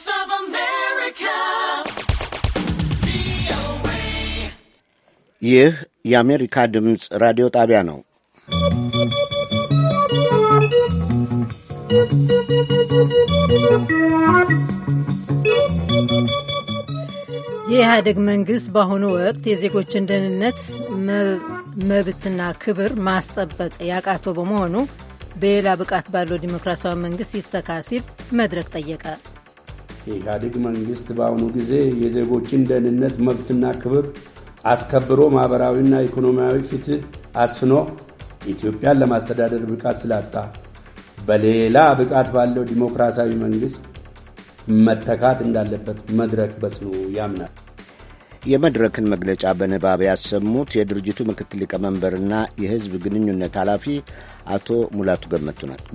Voice of America. ይህ የአሜሪካ ድምፅ ራዲዮ ጣቢያ ነው። የኢህአደግ መንግሥት በአሁኑ ወቅት የዜጎችን ደህንነት መብትና ክብር ማስጠበቅ ያቃተው በመሆኑ በሌላ ብቃት ባለው ዲሞክራሲያዊ መንግሥት ይተካ ሲል መድረክ ጠየቀ። የኢህአዴግ መንግሥት በአሁኑ ጊዜ የዜጎችን ደህንነት መብትና ክብር አስከብሮ ማኅበራዊና ኢኮኖሚያዊ ፍትሕ አስፍኖ ኢትዮጵያን ለማስተዳደር ብቃት ስላጣ በሌላ ብቃት ባለው ዲሞክራሲያዊ መንግሥት መተካት እንዳለበት መድረክ በጽኑ ያምናል። የመድረክን መግለጫ በንባብ ያሰሙት የድርጅቱ ምክትል ሊቀመንበርና የሕዝብ ግንኙነት ኃላፊ አቶ ሙላቱ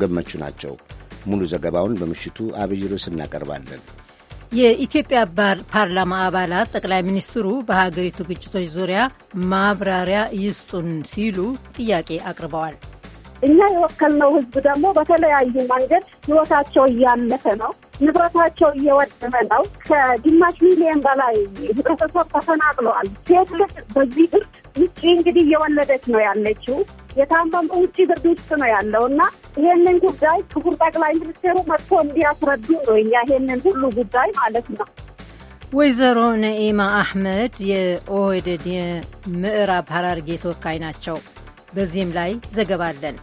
ገመቹ ናቸው። ሙሉ ዘገባውን በምሽቱ አብይ ርዕስ እናቀርባለን። የኢትዮጵያ ፓርላማ አባላት ጠቅላይ ሚኒስትሩ በሀገሪቱ ግጭቶች ዙሪያ ማብራሪያ ይስጡን ሲሉ ጥያቄ አቅርበዋል። እኛ የወከልነው ሕዝብ ደግሞ በተለያዩ መንገድ ሕይወታቸው እያለፈ ነው፣ ንብረታቸው እየወደመ ነው። ከግማሽ ሚሊዮን በላይ ህብረተሰብ ተፈናቅለዋል። ሴት ልጅ በዚህ ብርድ ውጭ እንግዲህ እየወለደች ነው ያለችው። የታመመ ውጭ ብርድ ውስጥ ነው ያለው እና ይህንን ጉዳይ ክቡር ጠቅላይ ሚኒስትሩ መጥቶ እንዲያስረዱ ነው እኛ ይህንን ሁሉ ጉዳይ ማለት ነው። ወይዘሮ ነኢማ አሕመድ የኦህዴድ የምዕራብ ሐራርጌ ተወካይ ናቸው። በዚህም ላይ ዘገባ አለን።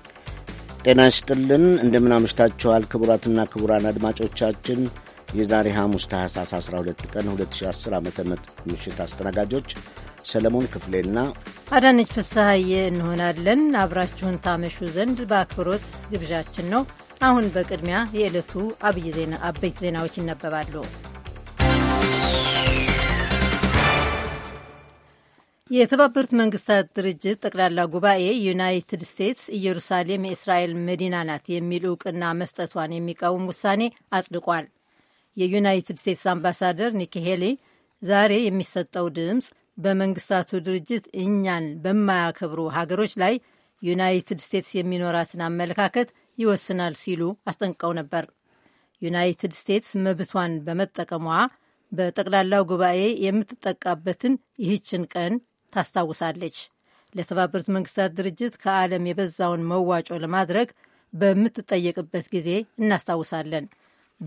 ጤና ይስጥልን፣ እንደምን አምሽታችኋል ክቡራትና ክቡራን አድማጮቻችን የዛሬ ሐሙስ ታህሳስ 12 ቀን 2010 ዓ ም ምሽት አስተናጋጆች ሰለሞን ክፍሌና አዳነች ፍስሐዬ እንሆናለን። አብራችሁን ታመሹ ዘንድ በአክብሮት ግብዣችን ነው። አሁን በቅድሚያ የዕለቱ አብይ ዜና አበይት ዜናዎች ይነበባሉ። የተባበሩት መንግስታት ድርጅት ጠቅላላ ጉባኤ ዩናይትድ ስቴትስ ኢየሩሳሌም የእስራኤል መዲና ናት የሚል እውቅና መስጠቷን የሚቃወም ውሳኔ አጽድቋል። የዩናይትድ ስቴትስ አምባሳደር ኒኪ ሄሊ ዛሬ የሚሰጠው ድምፅ በመንግስታቱ ድርጅት እኛን በማያከብሩ ሀገሮች ላይ ዩናይትድ ስቴትስ የሚኖራትን አመለካከት ይወስናል ሲሉ አስጠንቀው ነበር። ዩናይትድ ስቴትስ መብቷን በመጠቀሟ በጠቅላላው ጉባኤ የምትጠቃበትን ይህችን ቀን ታስታውሳለች። ለተባበሩት መንግስታት ድርጅት ከዓለም የበዛውን መዋጮ ለማድረግ በምትጠየቅበት ጊዜ እናስታውሳለን።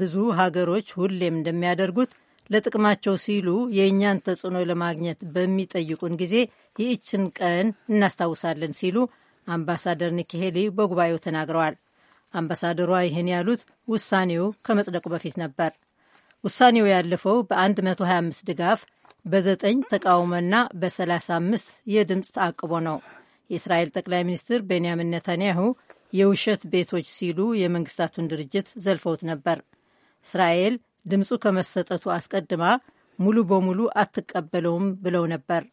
ብዙ ሀገሮች ሁሌም እንደሚያደርጉት ለጥቅማቸው ሲሉ የእኛን ተጽዕኖ ለማግኘት በሚጠይቁን ጊዜ ይህችን ቀን እናስታውሳለን ሲሉ አምባሳደር ኒኪ ሄሊ በጉባኤው ተናግረዋል። አምባሳደሯ ይህን ያሉት ውሳኔው ከመጽደቁ በፊት ነበር። ውሳኔው ያለፈው በ125 ድጋፍ፣ በ9 ተቃውሞና በ35 የድምፅ ተአቅቦ ነው። የእስራኤል ጠቅላይ ሚኒስትር ቤንያሚን ነታንያሁ የውሸት ቤቶች ሲሉ የመንግስታቱን ድርጅት ዘልፈውት ነበር። እስራኤል ድምፁ ከመሰጠቱ አስቀድማ ሙሉ በሙሉ አትቀበለውም ብለው ነበር።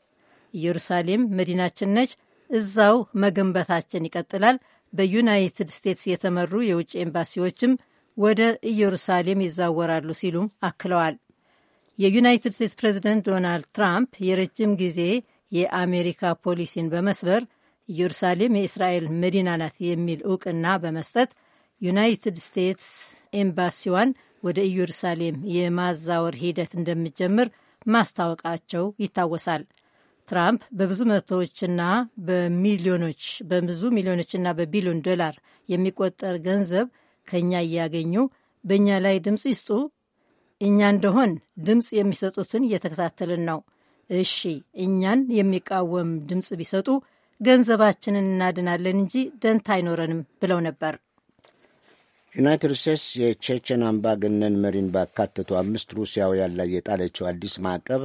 ኢየሩሳሌም መዲናችን ነች፣ እዛው መገንባታችን ይቀጥላል። በዩናይትድ ስቴትስ የተመሩ የውጭ ኤምባሲዎችም ወደ ኢየሩሳሌም ይዛወራሉ ሲሉም አክለዋል። የዩናይትድ ስቴትስ ፕሬዚደንት ዶናልድ ትራምፕ የረጅም ጊዜ የአሜሪካ ፖሊሲን በመስበር ኢየሩሳሌም የእስራኤል መዲና ናት የሚል እውቅና በመስጠት ዩናይትድ ስቴትስ ኤምባሲዋን ወደ ኢየሩሳሌም የማዛወር ሂደት እንደሚጀምር ማስታወቃቸው ይታወሳል። ትራምፕ በብዙ መቶዎችና በሚሊዮኖች በብዙ ሚሊዮኖችና በቢሊዮን ዶላር የሚቆጠር ገንዘብ ከእኛ እያገኙ በእኛ ላይ ድምፅ ይስጡ፣ እኛ እንደሆን ድምፅ የሚሰጡትን እየተከታተልን ነው። እሺ እኛን የሚቃወም ድምፅ ቢሰጡ ገንዘባችንን እናድናለን እንጂ ደንታ አይኖረንም ብለው ነበር። ዩናይትድ ስቴትስ የቼቼን አምባገነን መሪን ባካተቱ አምስት ሩሲያውያን ላይ የጣለችው አዲስ ማዕቀብ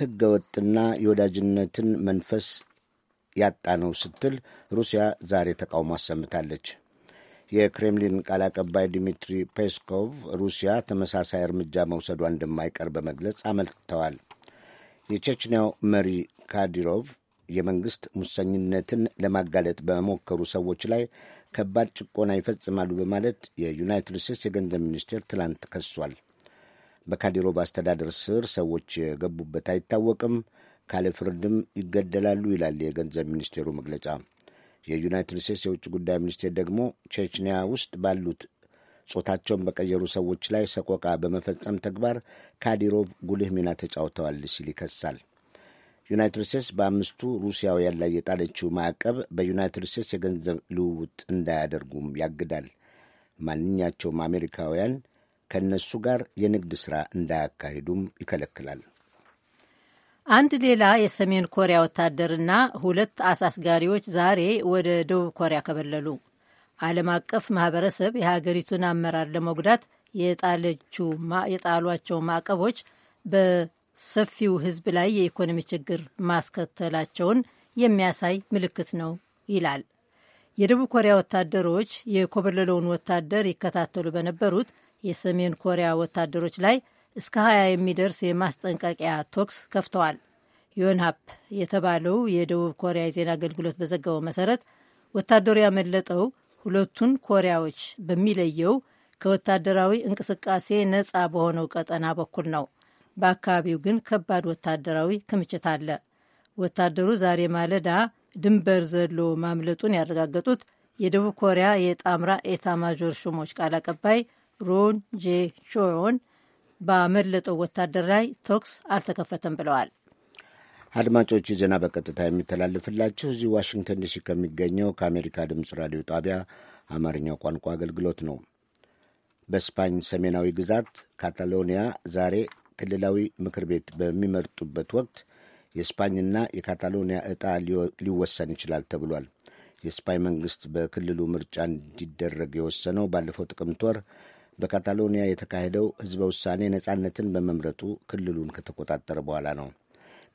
ሕገ ወጥና የወዳጅነትን መንፈስ ያጣ ነው ስትል ሩሲያ ዛሬ ተቃውሞ አሰምታለች። የክሬምሊን ቃል አቀባይ ዲሚትሪ ፔስኮቭ ሩሲያ ተመሳሳይ እርምጃ መውሰዷ እንደማይቀር በመግለጽ አመልክተዋል። የቼችንያው መሪ ካዲሮቭ የመንግሥት ሙሰኝነትን ለማጋለጥ በሞከሩ ሰዎች ላይ ከባድ ጭቆና ይፈጽማሉ በማለት የዩናይትድ ስቴትስ የገንዘብ ሚኒስቴር ትላንት ከሷል። በካዲሮቭ አስተዳደር ስር ሰዎች የገቡበት አይታወቅም፣ ካለ ፍርድም ይገደላሉ ይላል የገንዘብ ሚኒስቴሩ መግለጫ። የዩናይትድ ስቴትስ የውጭ ጉዳይ ሚኒስቴር ደግሞ ቼችኒያ ውስጥ ባሉት ጾታቸውን በቀየሩ ሰዎች ላይ ሰቆቃ በመፈጸም ተግባር ካዲሮቭ ጉልህ ሚና ተጫውተዋል ሲል ይከሳል። ዩናይትድ ስቴትስ በአምስቱ ሩሲያውያን ላይ የጣለችው ማዕቀብ በዩናይትድ ስቴትስ የገንዘብ ልውውጥ እንዳያደርጉም ያግዳል። ማንኛቸውም አሜሪካውያን ከእነሱ ጋር የንግድ ሥራ እንዳያካሂዱም ይከለክላል። አንድ ሌላ የሰሜን ኮሪያ ወታደርና ሁለት አሳስጋሪዎች ዛሬ ወደ ደቡብ ኮሪያ ከበለሉ። ዓለም አቀፍ ማህበረሰብ የሀገሪቱን አመራር ለመጉዳት የጣሏቸው ማዕቀቦች ሰፊው ህዝብ ላይ የኢኮኖሚ ችግር ማስከተላቸውን የሚያሳይ ምልክት ነው ይላል። የደቡብ ኮሪያ ወታደሮች የኮበለለውን ወታደር ይከታተሉ በነበሩት የሰሜን ኮሪያ ወታደሮች ላይ እስከ 20 የሚደርስ የማስጠንቀቂያ ቶክስ ከፍተዋል። ዮንሃፕ የተባለው የደቡብ ኮሪያ የዜና አገልግሎት በዘገበው መሰረት ወታደሩ ያመለጠው ሁለቱን ኮሪያዎች በሚለየው ከወታደራዊ እንቅስቃሴ ነፃ በሆነው ቀጠና በኩል ነው። በአካባቢው ግን ከባድ ወታደራዊ ክምችት አለ። ወታደሩ ዛሬ ማለዳ ድንበር ዘሎ ማምለጡን ያረጋገጡት የደቡብ ኮሪያ የጣምራ ኤታማዦር ሹሞች ቃል አቀባይ ሮን ጄ ቾዮን ባመለጠው ወታደር ላይ ተኩስ አልተከፈተም ብለዋል። አድማጮች ዜና በቀጥታ የሚተላልፍላችሁ እዚህ ዋሽንግተን ዲሲ ከሚገኘው ከአሜሪካ ድምፅ ራዲዮ ጣቢያ አማርኛው ቋንቋ አገልግሎት ነው። በስፓኝ ሰሜናዊ ግዛት ካታሎኒያ ዛሬ ክልላዊ ምክር ቤት በሚመርጡበት ወቅት የስፓኝና የካታሎኒያ ዕጣ ሊወሰን ይችላል ተብሏል። የስፓኝ መንግስት በክልሉ ምርጫ እንዲደረግ የወሰነው ባለፈው ጥቅምት ወር በካታሎኒያ የተካሄደው ህዝበ ውሳኔ ነጻነትን በመምረጡ ክልሉን ከተቆጣጠረ በኋላ ነው።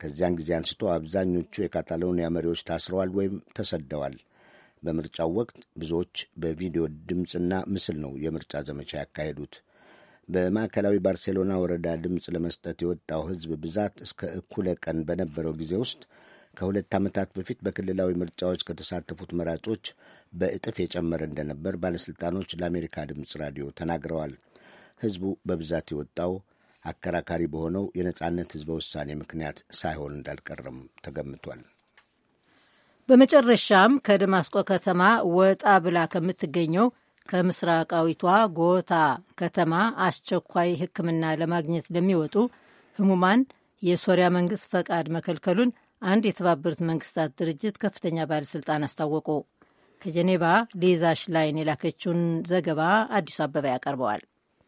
ከዚያን ጊዜ አንስቶ አብዛኞቹ የካታሎኒያ መሪዎች ታስረዋል ወይም ተሰደዋል። በምርጫው ወቅት ብዙዎች በቪዲዮ ድምፅና ምስል ነው የምርጫ ዘመቻ ያካሄዱት። በማዕከላዊ ባርሴሎና ወረዳ ድምፅ ለመስጠት የወጣው ሕዝብ ብዛት እስከ እኩለ ቀን በነበረው ጊዜ ውስጥ ከሁለት ዓመታት በፊት በክልላዊ ምርጫዎች ከተሳተፉት መራጮች በእጥፍ የጨመረ እንደነበር ባለሥልጣኖች ለአሜሪካ ድምፅ ራዲዮ ተናግረዋል። ሕዝቡ በብዛት የወጣው አከራካሪ በሆነው የነጻነት ሕዝበ ውሳኔ ምክንያት ሳይሆን እንዳልቀረም ተገምቷል። በመጨረሻም ከደማስቆ ከተማ ወጣ ብላ ከምትገኘው ከምስራቃዊቷ ጎታ ከተማ አስቸኳይ ሕክምና ለማግኘት ለሚወጡ ህሙማን የሶሪያ መንግስት ፈቃድ መከልከሉን አንድ የተባበሩት መንግስታት ድርጅት ከፍተኛ ባለሥልጣን አስታወቁ። ከጀኔባ ሊዛ ሽላይን የላከችውን ዘገባ አዲሱ አበባ ያቀርበዋል።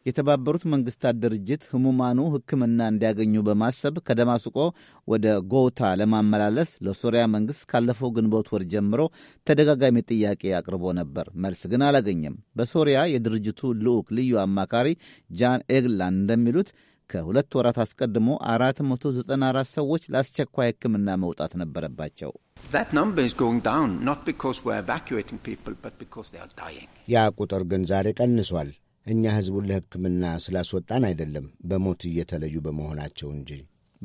የተባበሩት መንግስታት ድርጅት ህሙማኑ ሕክምና እንዲያገኙ በማሰብ ከደማስቆ ወደ ጎታ ለማመላለስ ለሶሪያ መንግስት ካለፈው ግንቦት ወር ጀምሮ ተደጋጋሚ ጥያቄ አቅርቦ ነበር። መልስ ግን አላገኘም። በሶሪያ የድርጅቱ ልዑክ ልዩ አማካሪ ጃን ኤግላን እንደሚሉት ከሁለት ወራት አስቀድሞ 494 ሰዎች ለአስቸኳይ ሕክምና መውጣት ነበረባቸው። ያ ቁጥር ግን ዛሬ ቀንሷል። እኛ ህዝቡን ለሕክምና ስላስወጣን አይደለም በሞት እየተለዩ በመሆናቸው እንጂ።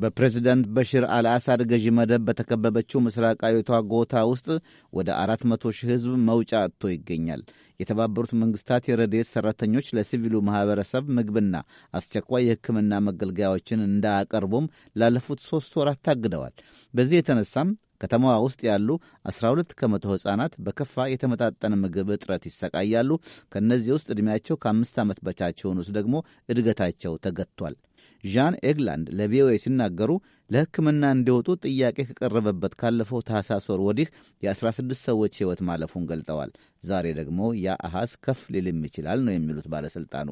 በፕሬዝደንት በሽር አልአሳድ ገዢ መደብ በተከበበችው ምስራቃዊቷ ጎታ ውስጥ ወደ አራት መቶ ሺህ ህዝብ መውጫ አጥቶ ይገኛል። የተባበሩት መንግስታት የረድኤት ሠራተኞች ለሲቪሉ ማኅበረሰብ ምግብና አስቸኳይ የሕክምና መገልገያዎችን እንዳያቀርቡም ላለፉት ሦስት ወራት ታግደዋል። በዚህ የተነሳም ከተማዋ ውስጥ ያሉ 12 ከመቶ ሕፃናት በከፋ የተመጣጠነ ምግብ እጥረት ይሰቃያሉ። ከእነዚህ ውስጥ ዕድሜያቸው ከአምስት ዓመት በታች ውስጥ ደግሞ እድገታቸው ተገጥቷል። ዣን ኤግላንድ ለቪኦኤ ሲናገሩ ለሕክምና እንዲወጡ ጥያቄ ከቀረበበት ካለፈው ታህሳስ ወር ወዲህ የ16 ሰዎች ሕይወት ማለፉን ገልጠዋል። ዛሬ ደግሞ ያ አሃዝ ከፍ ሊልም ይችላል ነው የሚሉት ባለሥልጣኑ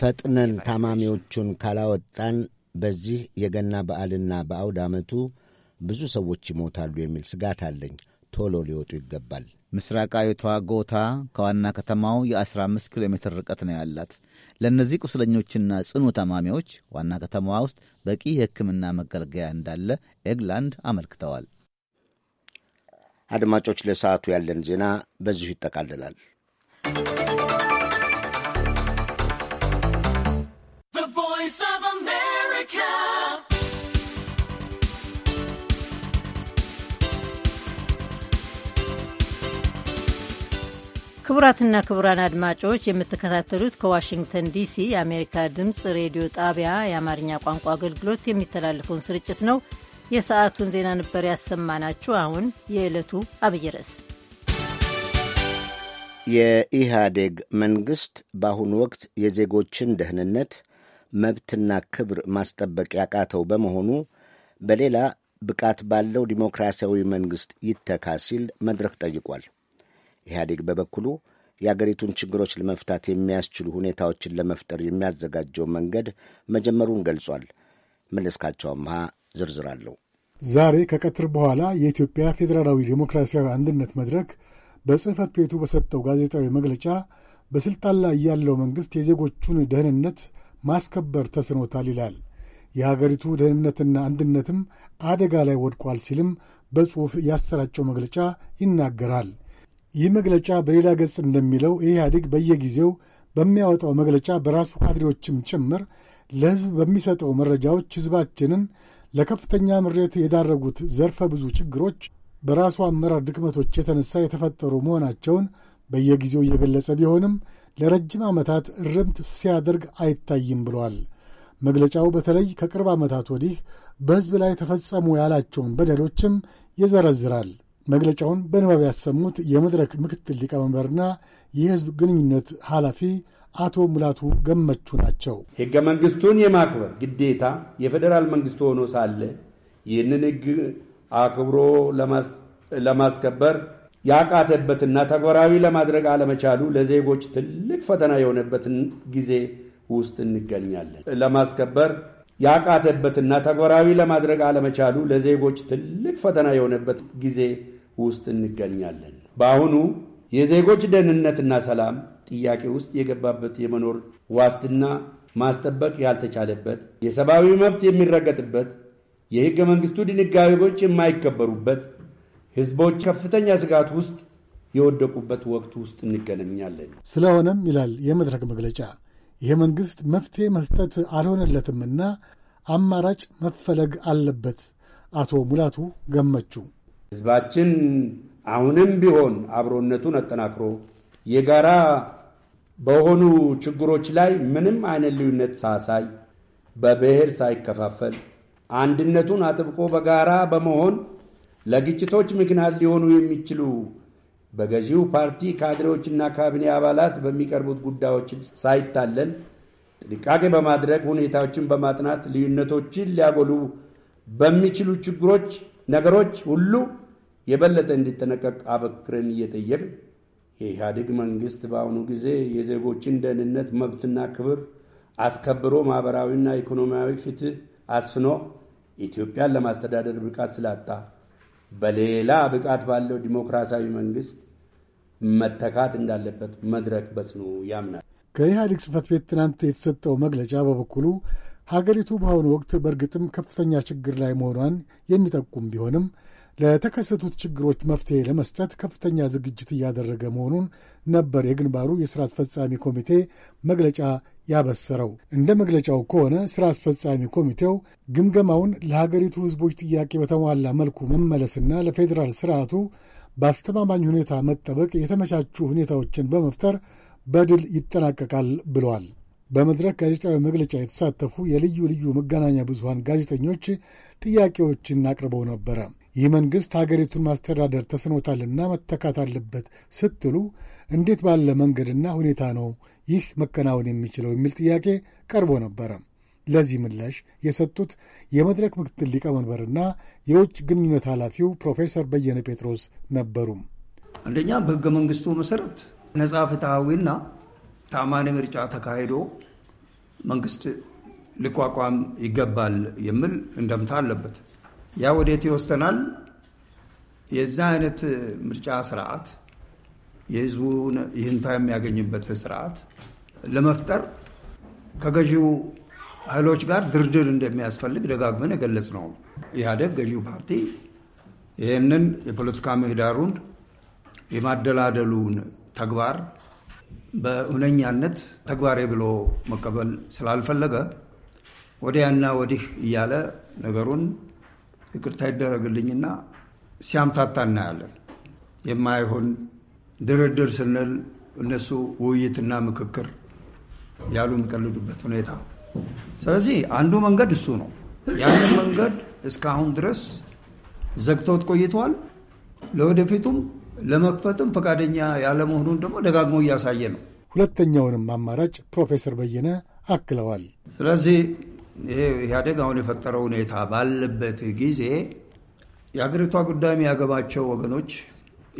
ፈጥነን ታማሚዎቹን ካላወጣን በዚህ የገና በዓልና በአውድ ዓመቱ ብዙ ሰዎች ይሞታሉ የሚል ስጋት አለኝ። ቶሎ ሊወጡ ይገባል። ምስራቃዊቷ ጎታ ከዋና ከተማው የ15 ኪሎ ሜትር ርቀት ነው ያላት። ለእነዚህ ቁስለኞችና ጽኑ ታማሚዎች ዋና ከተማዋ ውስጥ በቂ የሕክምና መገልገያ እንዳለ ኤግላንድ አመልክተዋል። አድማጮች፣ ለሰዓቱ ያለን ዜና በዚሁ ይጠቃልላል። ክቡራትና ክቡራን አድማጮች የምትከታተሉት ከዋሽንግተን ዲሲ የአሜሪካ ድምፅ ሬዲዮ ጣቢያ የአማርኛ ቋንቋ አገልግሎት የሚተላለፈውን ስርጭት ነው። የሰዓቱን ዜና ነበር ያሰማናችሁ። አሁን የዕለቱ አብይ ርዕስ የኢህአዴግ መንግሥት በአሁኑ ወቅት የዜጎችን ደህንነት መብትና ክብር ማስጠበቅ ያቃተው በመሆኑ በሌላ ብቃት ባለው ዲሞክራሲያዊ መንግሥት ይተካ ሲል መድረክ ጠይቋል። ኢህአዴግ በበኩሉ የአገሪቱን ችግሮች ለመፍታት የሚያስችሉ ሁኔታዎችን ለመፍጠር የሚያዘጋጀው መንገድ መጀመሩን ገልጿል። መለስካቸው አምሃ ዝርዝር አለው። ዛሬ ከቀትር በኋላ የኢትዮጵያ ፌዴራላዊ ዴሞክራሲያዊ አንድነት መድረክ በጽህፈት ቤቱ በሰጠው ጋዜጣዊ መግለጫ በሥልጣን ላይ ያለው መንግሥት የዜጎቹን ደህንነት ማስከበር ተስኖታል ይላል። የሀገሪቱ ደህንነትና አንድነትም አደጋ ላይ ወድቋል ሲልም በጽሑፍ ያሰራጨው መግለጫ ይናገራል። ይህ መግለጫ በሌላ ገጽ እንደሚለው ኢህአዴግ በየጊዜው በሚያወጣው መግለጫ በራሱ ካድሬዎችም ጭምር ለሕዝብ በሚሰጠው መረጃዎች ሕዝባችንን ለከፍተኛ ምሬት የዳረጉት ዘርፈ ብዙ ችግሮች በራሱ አመራር ድክመቶች የተነሳ የተፈጠሩ መሆናቸውን በየጊዜው እየገለጸ ቢሆንም ለረጅም ዓመታት እርምት ሲያደርግ አይታይም ብሏል። መግለጫው በተለይ ከቅርብ ዓመታት ወዲህ በሕዝብ ላይ ተፈጸሙ ያላቸውን በደሎችም ይዘረዝራል። መግለጫውን በንባብ ያሰሙት የመድረክ ምክትል ሊቀመንበርና የሕዝብ ግንኙነት ኃላፊ አቶ ሙላቱ ገመቹ ናቸው። ህገ መንግስቱን የማክበር ግዴታ የፌዴራል መንግስቱ ሆኖ ሳለ ይህንን ህግ አክብሮ ለማስከበር ያቃተበትና ተግባራዊ ለማድረግ አለመቻሉ ለዜጎች ትልቅ ፈተና የሆነበትን ጊዜ ውስጥ እንገኛለን። ለማስከበር ያቃተበትና ተግባራዊ ለማድረግ አለመቻሉ ለዜጎች ትልቅ ፈተና የሆነበት ጊዜ ውስጥ እንገኛለን። በአሁኑ የዜጎች ደህንነትና ሰላም ጥያቄ ውስጥ የገባበት የመኖር ዋስትና ማስጠበቅ ያልተቻለበት፣ የሰብአዊ መብት የሚረገጥበት፣ የሕገ መንግሥቱ ድንጋጌዎች የማይከበሩበት፣ ሕዝቦች ከፍተኛ ስጋት ውስጥ የወደቁበት ወቅት ውስጥ እንገናኛለን። ስለሆነም ይላል የመድረክ መግለጫ፣ ይህ መንግሥት መፍትሄ መስጠት አልሆነለትምና አማራጭ መፈለግ አለበት። አቶ ሙላቱ ገመቹ ሕዝባችን አሁንም ቢሆን አብሮነቱን አጠናክሮ የጋራ በሆኑ ችግሮች ላይ ምንም አይነት ልዩነት ሳሳይ በብሔር ሳይከፋፈል አንድነቱን አጥብቆ በጋራ በመሆን ለግጭቶች ምክንያት ሊሆኑ የሚችሉ በገዢው ፓርቲ ካድሬዎችና ካቢኔ አባላት በሚቀርቡት ጉዳዮች ሳይታለል ጥንቃቄ በማድረግ ሁኔታዎችን በማጥናት ልዩነቶችን ሊያጎሉ በሚችሉ ችግሮች ነገሮች ሁሉ የበለጠ እንዲጠነቀቅ አበክረን እየጠየቅን የኢህአዴግ መንግስት በአሁኑ ጊዜ የዜጎችን ደህንነት መብትና ክብር አስከብሮ ማኅበራዊና ኢኮኖሚያዊ ፍትህ አስፍኖ ኢትዮጵያን ለማስተዳደር ብቃት ስላጣ በሌላ ብቃት ባለው ዲሞክራሲያዊ መንግስት መተካት እንዳለበት መድረክ በጽኑ ያምናል። ከኢህአዴግ ጽህፈት ቤት ትናንት የተሰጠው መግለጫ በበኩሉ ሀገሪቱ በአሁኑ ወቅት በእርግጥም ከፍተኛ ችግር ላይ መሆኗን የሚጠቁም ቢሆንም ለተከሰቱት ችግሮች መፍትሄ ለመስጠት ከፍተኛ ዝግጅት እያደረገ መሆኑን ነበር የግንባሩ የሥራ አስፈጻሚ ኮሚቴ መግለጫ ያበሰረው። እንደ መግለጫው ከሆነ ሥራ አስፈጻሚ ኮሚቴው ግምገማውን ለሀገሪቱ ሕዝቦች ጥያቄ በተሟላ መልኩ መመለስና ለፌዴራል ሥርዓቱ በአስተማማኝ ሁኔታ መጠበቅ የተመቻቹ ሁኔታዎችን በመፍጠር በድል ይጠናቀቃል ብሏል። በመድረክ ጋዜጣዊ መግለጫ የተሳተፉ የልዩ ልዩ መገናኛ ብዙሃን ጋዜጠኞች ጥያቄዎችን አቅርበው ነበረ። ይህ መንግሥት ሀገሪቱን ማስተዳደር ተስኖታልና መተካት አለበት ስትሉ እንዴት ባለ መንገድና ሁኔታ ነው ይህ መከናወን የሚችለው የሚል ጥያቄ ቀርቦ ነበረ። ለዚህ ምላሽ የሰጡት የመድረክ ምክትል ሊቀመንበርና የውጭ ግንኙነት ኃላፊው ፕሮፌሰር በየነ ጴጥሮስ ነበሩ። አንደኛ በሕገ መንግሥቱ መሠረት ነጻ ፍትሐዊና ታማኒ ምርጫ ተካሂዶ መንግሥት ሊቋቋም ይገባል የሚል እንደምታ አለበት። ያ ወዴት ይወስደናል? የዛ አይነት ምርጫ ስርዓት የህዝቡ ይህንታ የሚያገኝበት ስርዓት ለመፍጠር ከገዢው ኃይሎች ጋር ድርድር እንደሚያስፈልግ ደጋግመን የገለጽ ነው። ኢህአደግ ገዢው ፓርቲ ይህንን የፖለቲካ ምህዳሩን የማደላደሉን ተግባር በእውነኛነት ተግባሬ ብሎ መቀበል ስላልፈለገ ወዲያና ወዲህ እያለ ነገሩን ይቅርታ ይደረግልኝና ሲያምታታ እናያለን። የማይሆን ድርድር ስንል እነሱ ውይይትና ምክክር ያሉ የሚቀልዱበት ሁኔታ። ስለዚህ አንዱ መንገድ እሱ ነው። ያንን መንገድ እስካሁን ድረስ ዘግቶት ቆይተዋል። ለወደፊቱም ለመክፈትም ፈቃደኛ ያለመሆኑን ደግሞ ደጋግሞ እያሳየ ነው። ሁለተኛውንም አማራጭ ፕሮፌሰር በየነ አክለዋል። ስለዚህ ይሄ ኢህአዴግ አሁን የፈጠረው ሁኔታ ባለበት ጊዜ የሀገሪቷ ጉዳይ የሚያገባቸው ወገኖች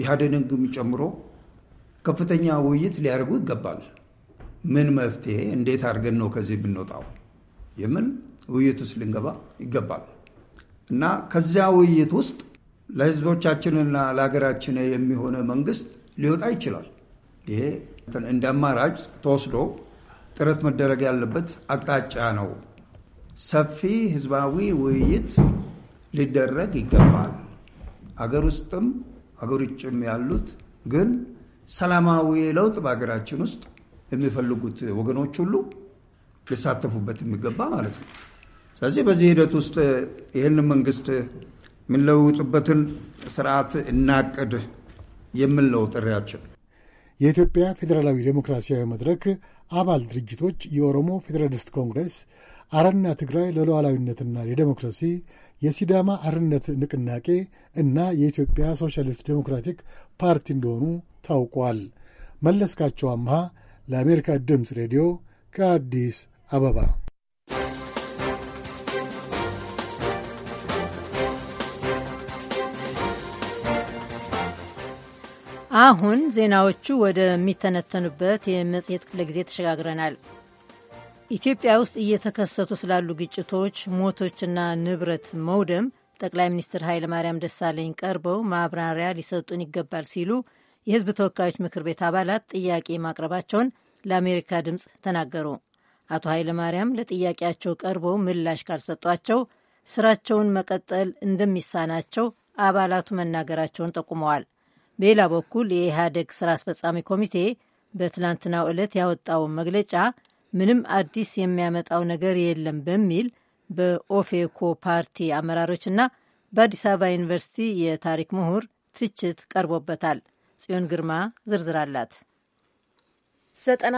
ኢህአዴግንም ጨምሮ ከፍተኛ ውይይት ሊያደርጉ ይገባል። ምን መፍትሄ እንዴት አድርገን ነው ከዚህ ብንወጣው የምን ውይይት ውስጥ ልንገባ ይገባል እና ከዚያ ውይይት ውስጥ ለህዝቦቻችንና ለሀገራችን የሚሆነ መንግስት ሊወጣ ይችላል። ይሄ እንደ አማራጭ ተወስዶ ጥረት መደረግ ያለበት አቅጣጫ ነው። ሰፊ ህዝባዊ ውይይት ሊደረግ ይገባል። አገር ውስጥም አገር ውጭም ያሉት ግን ሰላማዊ ለውጥ በሀገራችን ውስጥ የሚፈልጉት ወገኖች ሁሉ ሊሳተፉበት የሚገባ ማለት ነው። ስለዚህ በዚህ ሂደት ውስጥ ይህንን መንግስት የሚለውጥበትን ስርዓት እናቅድ የሚል ነው ጥሪያችን። የኢትዮጵያ ፌዴራላዊ ዴሞክራሲያዊ መድረክ አባል ድርጅቶች የኦሮሞ ፌዴራሊስት ኮንግሬስ አረና ትግራይ ለሉዓላዊነትና ለዴሞክራሲ፣ የሲዳማ አርነት ንቅናቄ እና የኢትዮጵያ ሶሻሊስት ዴሞክራቲክ ፓርቲ እንደሆኑ ታውቋል። መለስካቸው አምሃ ለአሜሪካ ድምፅ ሬዲዮ ከአዲስ አበባ አሁን ዜናዎቹ ወደሚተነተኑበት የመጽሔት ክፍለ ጊዜ ተሸጋግረናል። ኢትዮጵያ ውስጥ እየተከሰቱ ስላሉ ግጭቶች፣ ሞቶችና ንብረት መውደም ጠቅላይ ሚኒስትር ኃይለማርያም ደሳለኝ ቀርበው ማብራሪያ ሊሰጡን ይገባል ሲሉ የህዝብ ተወካዮች ምክር ቤት አባላት ጥያቄ ማቅረባቸውን ለአሜሪካ ድምፅ ተናገሩ። አቶ ኃይለማርያም ለጥያቄያቸው ቀርበው ምላሽ ካልሰጧቸው ስራቸውን መቀጠል እንደሚሳናቸው አባላቱ መናገራቸውን ጠቁመዋል። በሌላ በኩል የኢህአደግ ስራ አስፈጻሚ ኮሚቴ በትላንትናው ዕለት ያወጣውን መግለጫ ምንም አዲስ የሚያመጣው ነገር የለም በሚል በኦፌኮ ፓርቲ አመራሮችና በአዲስ አበባ ዩኒቨርሲቲ የታሪክ ምሁር ትችት ቀርቦበታል። ጽዮን ግርማ ዝርዝር አላት። ዘጠና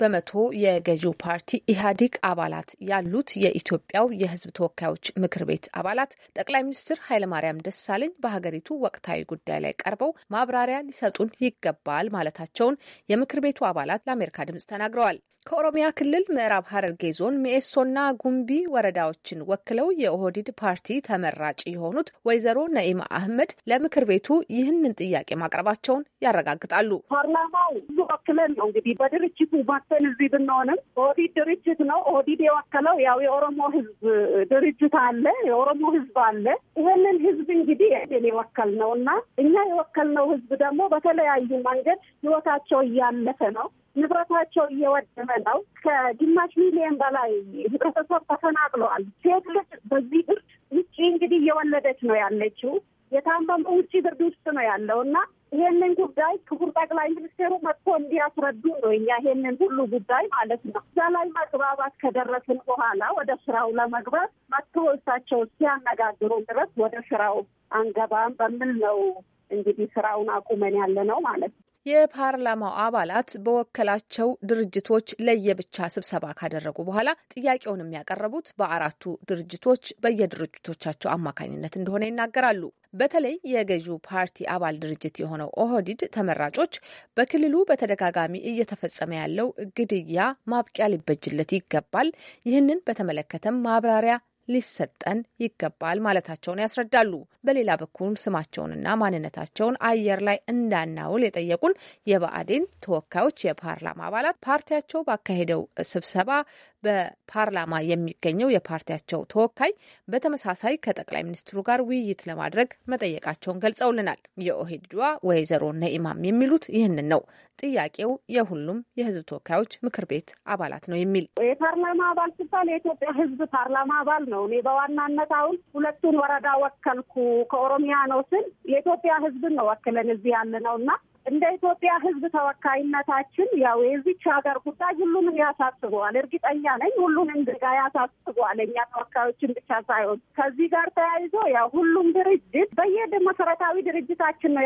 በመቶ የገዢው ፓርቲ ኢህአዴግ አባላት ያሉት የኢትዮጵያው የሕዝብ ተወካዮች ምክር ቤት አባላት ጠቅላይ ሚኒስትር ኃይለማርያም ደሳለኝ በሀገሪቱ ወቅታዊ ጉዳይ ላይ ቀርበው ማብራሪያ ሊሰጡን ይገባል ማለታቸውን የምክር ቤቱ አባላት ለአሜሪካ ድምጽ ተናግረዋል። ከኦሮሚያ ክልል ምዕራብ ሀረርጌ ዞን ሚኤሶና ጉምቢ ወረዳዎችን ወክለው የኦህዲድ ፓርቲ ተመራጭ የሆኑት ወይዘሮ ነኢማ አህመድ ለምክር ቤቱ ይህንን ጥያቄ ማቅረባቸውን ያረጋግጣሉ። ፓርላማው ብዙ ወክለን ነው እንግዲህ በድርጅቱ ባተን እዚህ ብንሆንም ኦህዲድ ድርጅት ነው። ኦህዲድ የወከለው ያው የኦሮሞ ህዝብ ድርጅት አለ፣ የኦሮሞ ህዝብ አለ። ይህንን ህዝብ እንግዲህ የወከል ነው እና እኛ የወከልነው ህዝብ ደግሞ በተለያዩ መንገድ ህይወታቸው እያለፈ ነው ንብረታቸው እየወደመ ነው። ከግማሽ ሚሊዮን በላይ ህብረተሰብ ተፈናቅለዋል። ሴት ልጅ በዚህ ብርድ ውጭ እንግዲህ እየወለደች ነው ያለችው። የታመመ ውጭ ብርድ ውስጥ ነው ያለው እና ይሄንን ጉዳይ ክቡር ጠቅላይ ሚኒስቴሩ መጥቶ እንዲያስረዱ ነው እኛ ይሄንን ሁሉ ጉዳይ ማለት ነው። እዛ ላይ መግባባት ከደረስን በኋላ ወደ ስራው ለመግባት መጥቶ እሳቸው ሲያነጋግሩ ድረስ ወደ ስራው አንገባም በሚል ነው እንግዲህ ስራውን አቁመን ያለ ነው ማለት ነው። የፓርላማው አባላት በወከላቸው ድርጅቶች ለየብቻ ስብሰባ ካደረጉ በኋላ ጥያቄውን የሚያቀረቡት በአራቱ ድርጅቶች በየድርጅቶቻቸው አማካኝነት እንደሆነ ይናገራሉ። በተለይ የገዢው ፓርቲ አባል ድርጅት የሆነው ኦህዲድ ተመራጮች በክልሉ በተደጋጋሚ እየተፈጸመ ያለው ግድያ ማብቂያ ሊበጅለት ይገባል፣ ይህንን በተመለከተም ማብራሪያ ሊሰጠን ይገባል ማለታቸውን ያስረዳሉ። በሌላ በኩል ስማቸውንና ማንነታቸውን አየር ላይ እንዳናውል የጠየቁን የብአዴን ተወካዮች የፓርላማ አባላት ፓርቲያቸው ባካሄደው ስብሰባ በፓርላማ የሚገኘው የፓርቲያቸው ተወካይ በተመሳሳይ ከጠቅላይ ሚኒስትሩ ጋር ውይይት ለማድረግ መጠየቃቸውን ገልጸውልናል። የኦሄድዋ ወይዘሮ ነኢማም የሚሉት ይህንን ነው። ጥያቄው የሁሉም የህዝብ ተወካዮች ምክር ቤት አባላት ነው የሚል የፓርላማ አባል ሲባል የኢትዮጵያ ህዝብ ፓርላማ አባል ነው ነው። እኔ በዋናነት አሁን ሁለቱን ወረዳ ወከልኩ ከኦሮሚያ ነው ስል የኢትዮጵያ ሕዝብን ነው ወክለን እዚህ ያለ ነው እና እንደ ኢትዮጵያ ህዝብ ተወካይነታችን ያው የዚች ሀገር ጉዳይ ሁሉንም ያሳስበዋል። እርግጠኛ ነኝ ሁሉንም ዜጋ ያሳስበዋል፣ እኛ ተወካዮችን ብቻ ሳይሆን። ከዚህ ጋር ተያይዞ ያው ሁሉም ድርጅት በየድ መሰረታዊ ድርጅታችን ነው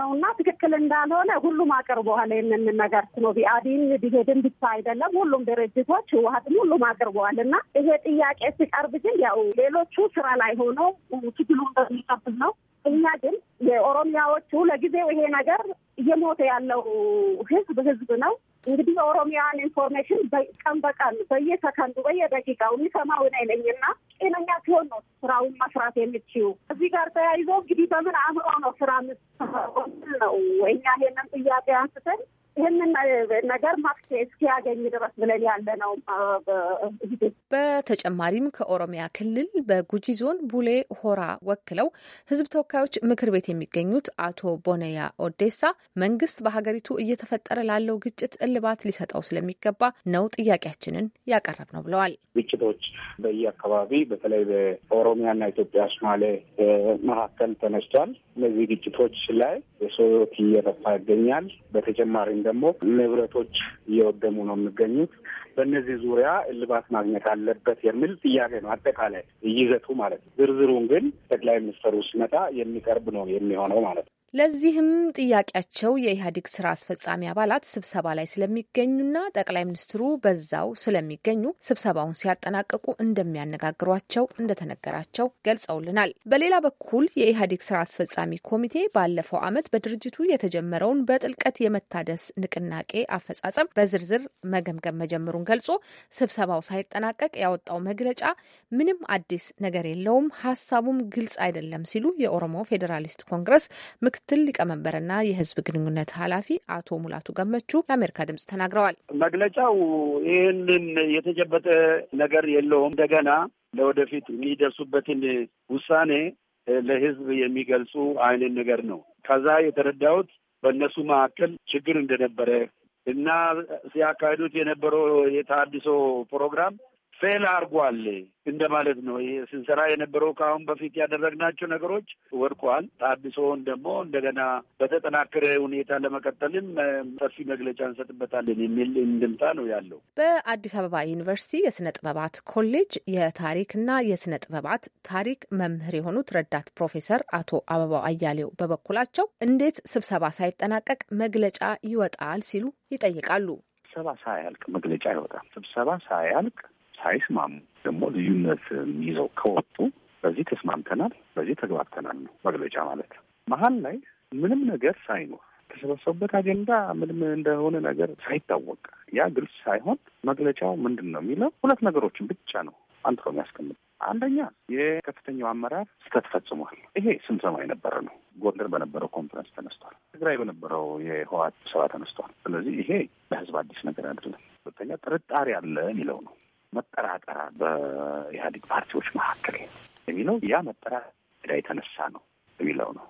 ነው እና ትክክል እንዳልሆነ ሁሉም አቅርበዋል። ይህንን ነገር ስኖ ቢአዲን ቢሄድን ብቻ አይደለም ሁሉም ድርጅቶች ህወሀትም ሁሉም አቅርበዋል እና ይሄ ጥያቄ ሲቀርብ ግን ያው ሌሎቹ ስራ ላይ ሆኖ ትግሉን በሚቀብል ነው እኛ ግን የኦሮሚያዎቹ ለጊዜው ይሄ ነገር እየሞተ ያለው ህዝብ ህዝብ ነው። እንግዲህ የኦሮሚያን ኢንፎርሜሽን ቀን በቀን በየሰከንዱ በየደቂቃው የሚሰማው እኔ ነኝ እና ጤነኛ ሲሆን ነው ስራውን መስራት የምችው። እዚህ ጋር ተያይዞ እንግዲህ በምን አእምሮ ነው ስራ ነው እኛ ይሄንን ጥያቄ አንስተን ይህንን ነገር መፍትሄ እስኪያገኝ ድረስ ብለን ያለ ነው። በተጨማሪም ከኦሮሚያ ክልል በጉጂ ዞን ቡሌ ሆራ ወክለው ህዝብ ተወካዮች ምክር ቤት የሚገኙት አቶ ቦነያ ኦዴሳ መንግስት በሀገሪቱ እየተፈጠረ ላለው ግጭት እልባት ሊሰጠው ስለሚገባ ነው ጥያቄያችንን ያቀረብ ነው ብለዋል። ግጭቶች በየአካባቢ በተለይ በኦሮሚያና ኢትዮጵያ ሶማሌ መካከል ተነስቷል። እነዚህ ግጭቶች ላይ የሰው ሕይወት እየጠፋ ይገኛል። በተጨማሪም ደግሞ ንብረቶች እየወደሙ ነው የሚገኙት። በእነዚህ ዙሪያ እልባት ማግኘት አለበት የሚል ጥያቄ ነው አጠቃላይ ይዘቱ ማለት ነው። ዝርዝሩን ግን ጠቅላይ ሚኒስትሩ ሲመጣ የሚቀርብ ነው የሚሆነው ማለት ነው። ለዚህም ጥያቄያቸው የኢህአዴግ ስራ አስፈጻሚ አባላት ስብሰባ ላይ ስለሚገኙና ጠቅላይ ሚኒስትሩ በዛው ስለሚገኙ ስብሰባውን ሲያጠናቀቁ እንደሚያነጋግሯቸው እንደተነገራቸው ገልጸውልናል። በሌላ በኩል የኢህአዴግ ስራ አስፈጻሚ ኮሚቴ ባለፈው ዓመት በድርጅቱ የተጀመረውን በጥልቀት የመታደስ ንቅናቄ አፈጻጸም በዝርዝር መገምገም መጀመሩን ገልጾ ስብሰባው ሳይጠናቀቅ ያወጣው መግለጫ ምንም አዲስ ነገር የለውም፣ ሀሳቡም ግልጽ አይደለም ሲሉ የኦሮሞ ፌዴራሊስት ኮንግረስ ምክ ምክትል ሊቀመንበርና የህዝብ ግንኙነት ኃላፊ አቶ ሙላቱ ገመቹ ለአሜሪካ ድምጽ ተናግረዋል። መግለጫው ይህንን የተጨበጠ ነገር የለውም። እንደገና ለወደፊት የሚደርሱበትን ውሳኔ ለህዝብ የሚገልጹ አይነት ነገር ነው። ከዛ የተረዳሁት በእነሱ መካከል ችግር እንደነበረ እና ሲያካሂዱት የነበረው የተሃድሶ ፕሮግራም ፌል አድርጓል እንደማለት ነው። ይሄ ስንሰራ የነበረው ከአሁን በፊት ያደረግናቸው ነገሮች ወድቋል። ታድሶውን ደግሞ እንደገና በተጠናከረ ሁኔታ ለመቀጠልም ሰፊ መግለጫ እንሰጥበታለን የሚል እንድምታ ነው ያለው። በአዲስ አበባ ዩኒቨርሲቲ የስነ ጥበባት ኮሌጅ የታሪክና የስነ ጥበባት ታሪክ መምህር የሆኑት ረዳት ፕሮፌሰር አቶ አበባው አያሌው በበኩላቸው እንዴት ስብሰባ ሳይጠናቀቅ መግለጫ ይወጣል ሲሉ ይጠይቃሉ። ስብሰባ ሳያልቅ መግለጫ ይወጣል። ስብሰባ ሳያልቅ ሳይስማሙ ደግሞ ልዩነት ይዘው ከወጡ በዚህ ተስማምተናል፣ በዚህ ተግባብተናል ነው መግለጫ ማለት። መሀል ላይ ምንም ነገር ሳይኖር የተሰበሰቡበት አጀንዳ ምንም እንደሆነ ነገር ሳይታወቅ ያ ግልጽ ሳይሆን መግለጫው ምንድን ነው የሚለው ሁለት ነገሮችን ብቻ ነው አንድ ነው የሚያስቀምጥ። አንደኛ የከፍተኛው አመራር ስህተት ፈጽሟል። ይሄ ስንሰማ የነበረ ነው። ጎንደር በነበረው ኮንፈረንስ ተነስቷል። ትግራይ በነበረው የህወሓት ስብሰባ ተነስቷል። ስለዚህ ይሄ ለህዝብ አዲስ ነገር አይደለም። ሁለተኛ ጥርጣሬ አለ የሚለው ነው። መጠራጠራ በኢህአዴግ ፓርቲዎች መካከል የሚለው ያ መጠራጠራ የተነሳ ነው የሚለው ነው።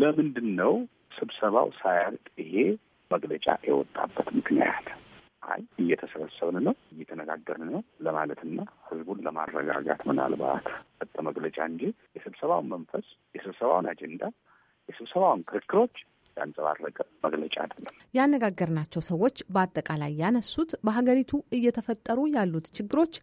ለምንድን ነው ስብሰባው ሳያልቅ ይሄ መግለጫ የወጣበት ምክንያት? አይ እየተሰበሰብን ነው እየተነጋገርን ነው ለማለትና ህዝቡን ለማረጋጋት ምናልባት ጠጠ መግለጫ እንጂ የስብሰባውን መንፈስ፣ የስብሰባውን አጀንዳ፣ የስብሰባውን ክርክሮች ያንጸባረቀ መግለጫ አይደለም። ያነጋገርናቸው ሰዎች በአጠቃላይ ያነሱት በሀገሪቱ እየተፈጠሩ ያሉት ችግሮች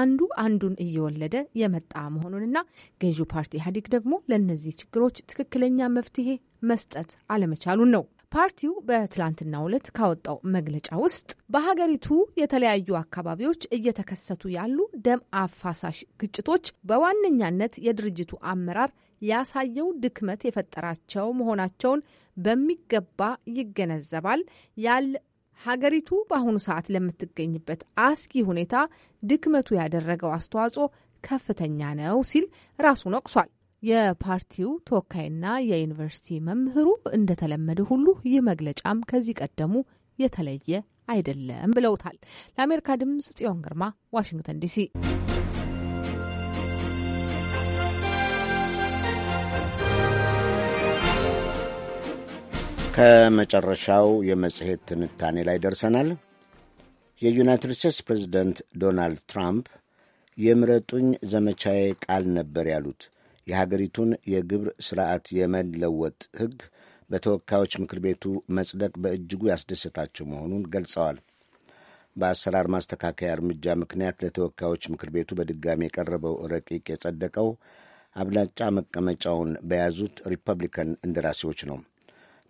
አንዱ አንዱን እየወለደ የመጣ መሆኑንና ገዢው ፓርቲ ኢህአዴግ ደግሞ ለእነዚህ ችግሮች ትክክለኛ መፍትሄ መስጠት አለመቻሉን ነው። ፓርቲው በትላንትናው ዕለት ካወጣው መግለጫ ውስጥ በሀገሪቱ የተለያዩ አካባቢዎች እየተከሰቱ ያሉ ደም አፋሳሽ ግጭቶች በዋነኛነት የድርጅቱ አመራር ያሳየው ድክመት የፈጠራቸው መሆናቸውን በሚገባ ይገነዘባል ያለ ሀገሪቱ በአሁኑ ሰዓት ለምትገኝበት አስጊ ሁኔታ ድክመቱ ያደረገው አስተዋጽኦ ከፍተኛ ነው ሲል ራሱን ወቅሷል። የፓርቲው ተወካይና የዩኒቨርሲቲ መምህሩ እንደተለመደ ሁሉ ይህ መግለጫም ከዚህ ቀደሙ የተለየ አይደለም ብለውታል። ለአሜሪካ ድምጽ ጽዮን ግርማ ዋሽንግተን ዲሲ። ከመጨረሻው የመጽሔት ትንታኔ ላይ ደርሰናል። የዩናይትድ ስቴትስ ፕሬዚደንት ዶናልድ ትራምፕ የምረጡኝ ዘመቻዬ ቃል ነበር ያሉት የሀገሪቱን የግብር ስርዓት የመለወጥ ህግ በተወካዮች ምክር ቤቱ መጽደቅ በእጅጉ ያስደሰታቸው መሆኑን ገልጸዋል። በአሰራር ማስተካከያ እርምጃ ምክንያት ለተወካዮች ምክር ቤቱ በድጋሚ የቀረበው ረቂቅ የጸደቀው አብላጫ መቀመጫውን በያዙት ሪፐብሊካን እንደራሴዎች ነው።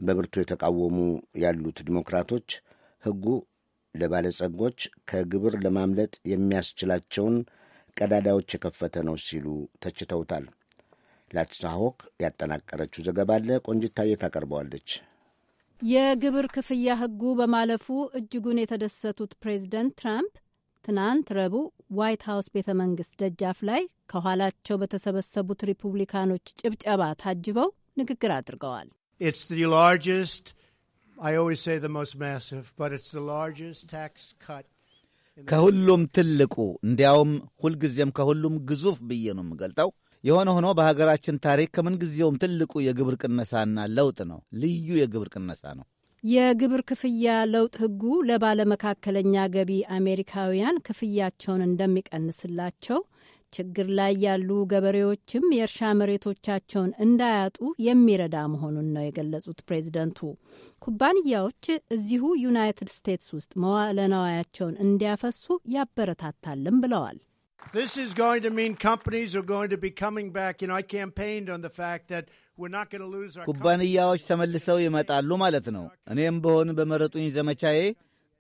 በብርቱ የተቃወሙ ያሉት ዲሞክራቶች ህጉ ለባለጸጎች ከግብር ለማምለጥ የሚያስችላቸውን ቀዳዳዎች የከፈተ ነው ሲሉ ተችተውታል። ላትሳሆክ ያጠናቀረችው ዘገባ አለ። ቆንጅታዬ ታቀርበዋለች። የግብር ክፍያ ሕጉ በማለፉ እጅጉን የተደሰቱት ፕሬዚደንት ትራምፕ ትናንት ረቡዕ ዋይት ሀውስ ቤተ መንግስት ደጃፍ ላይ ከኋላቸው በተሰበሰቡት ሪፑብሊካኖች ጭብጨባ ታጅበው ንግግር አድርገዋል። ከሁሉም ትልቁ እንዲያውም ሁልጊዜም ከሁሉም ግዙፍ ብዬ ነው የምገልጠው የሆነ ሆኖ በሀገራችን ታሪክ ከምንጊዜውም ትልቁ የግብር ቅነሳና ለውጥ ነው። ልዩ የግብር ቅነሳ ነው። የግብር ክፍያ ለውጥ ህጉ ለባለመካከለኛ ገቢ አሜሪካውያን ክፍያቸውን እንደሚቀንስላቸው ችግር ላይ ያሉ ገበሬዎችም የእርሻ መሬቶቻቸውን እንዳያጡ የሚረዳ መሆኑን ነው የገለጹት ፕሬዚደንቱ። ኩባንያዎች እዚሁ ዩናይትድ ስቴትስ ውስጥ መዋዕለ እንዲያፈሱ ያበረታታልም ብለዋል። This is going to mean companies are going to be coming back. You know, I campaigned on the fact that we're not going to lose our ኩባንያዎች ተመልሰው ይመጣሉ ማለት ነው። እኔም በሆን በመረጡኝ ዘመቻዬ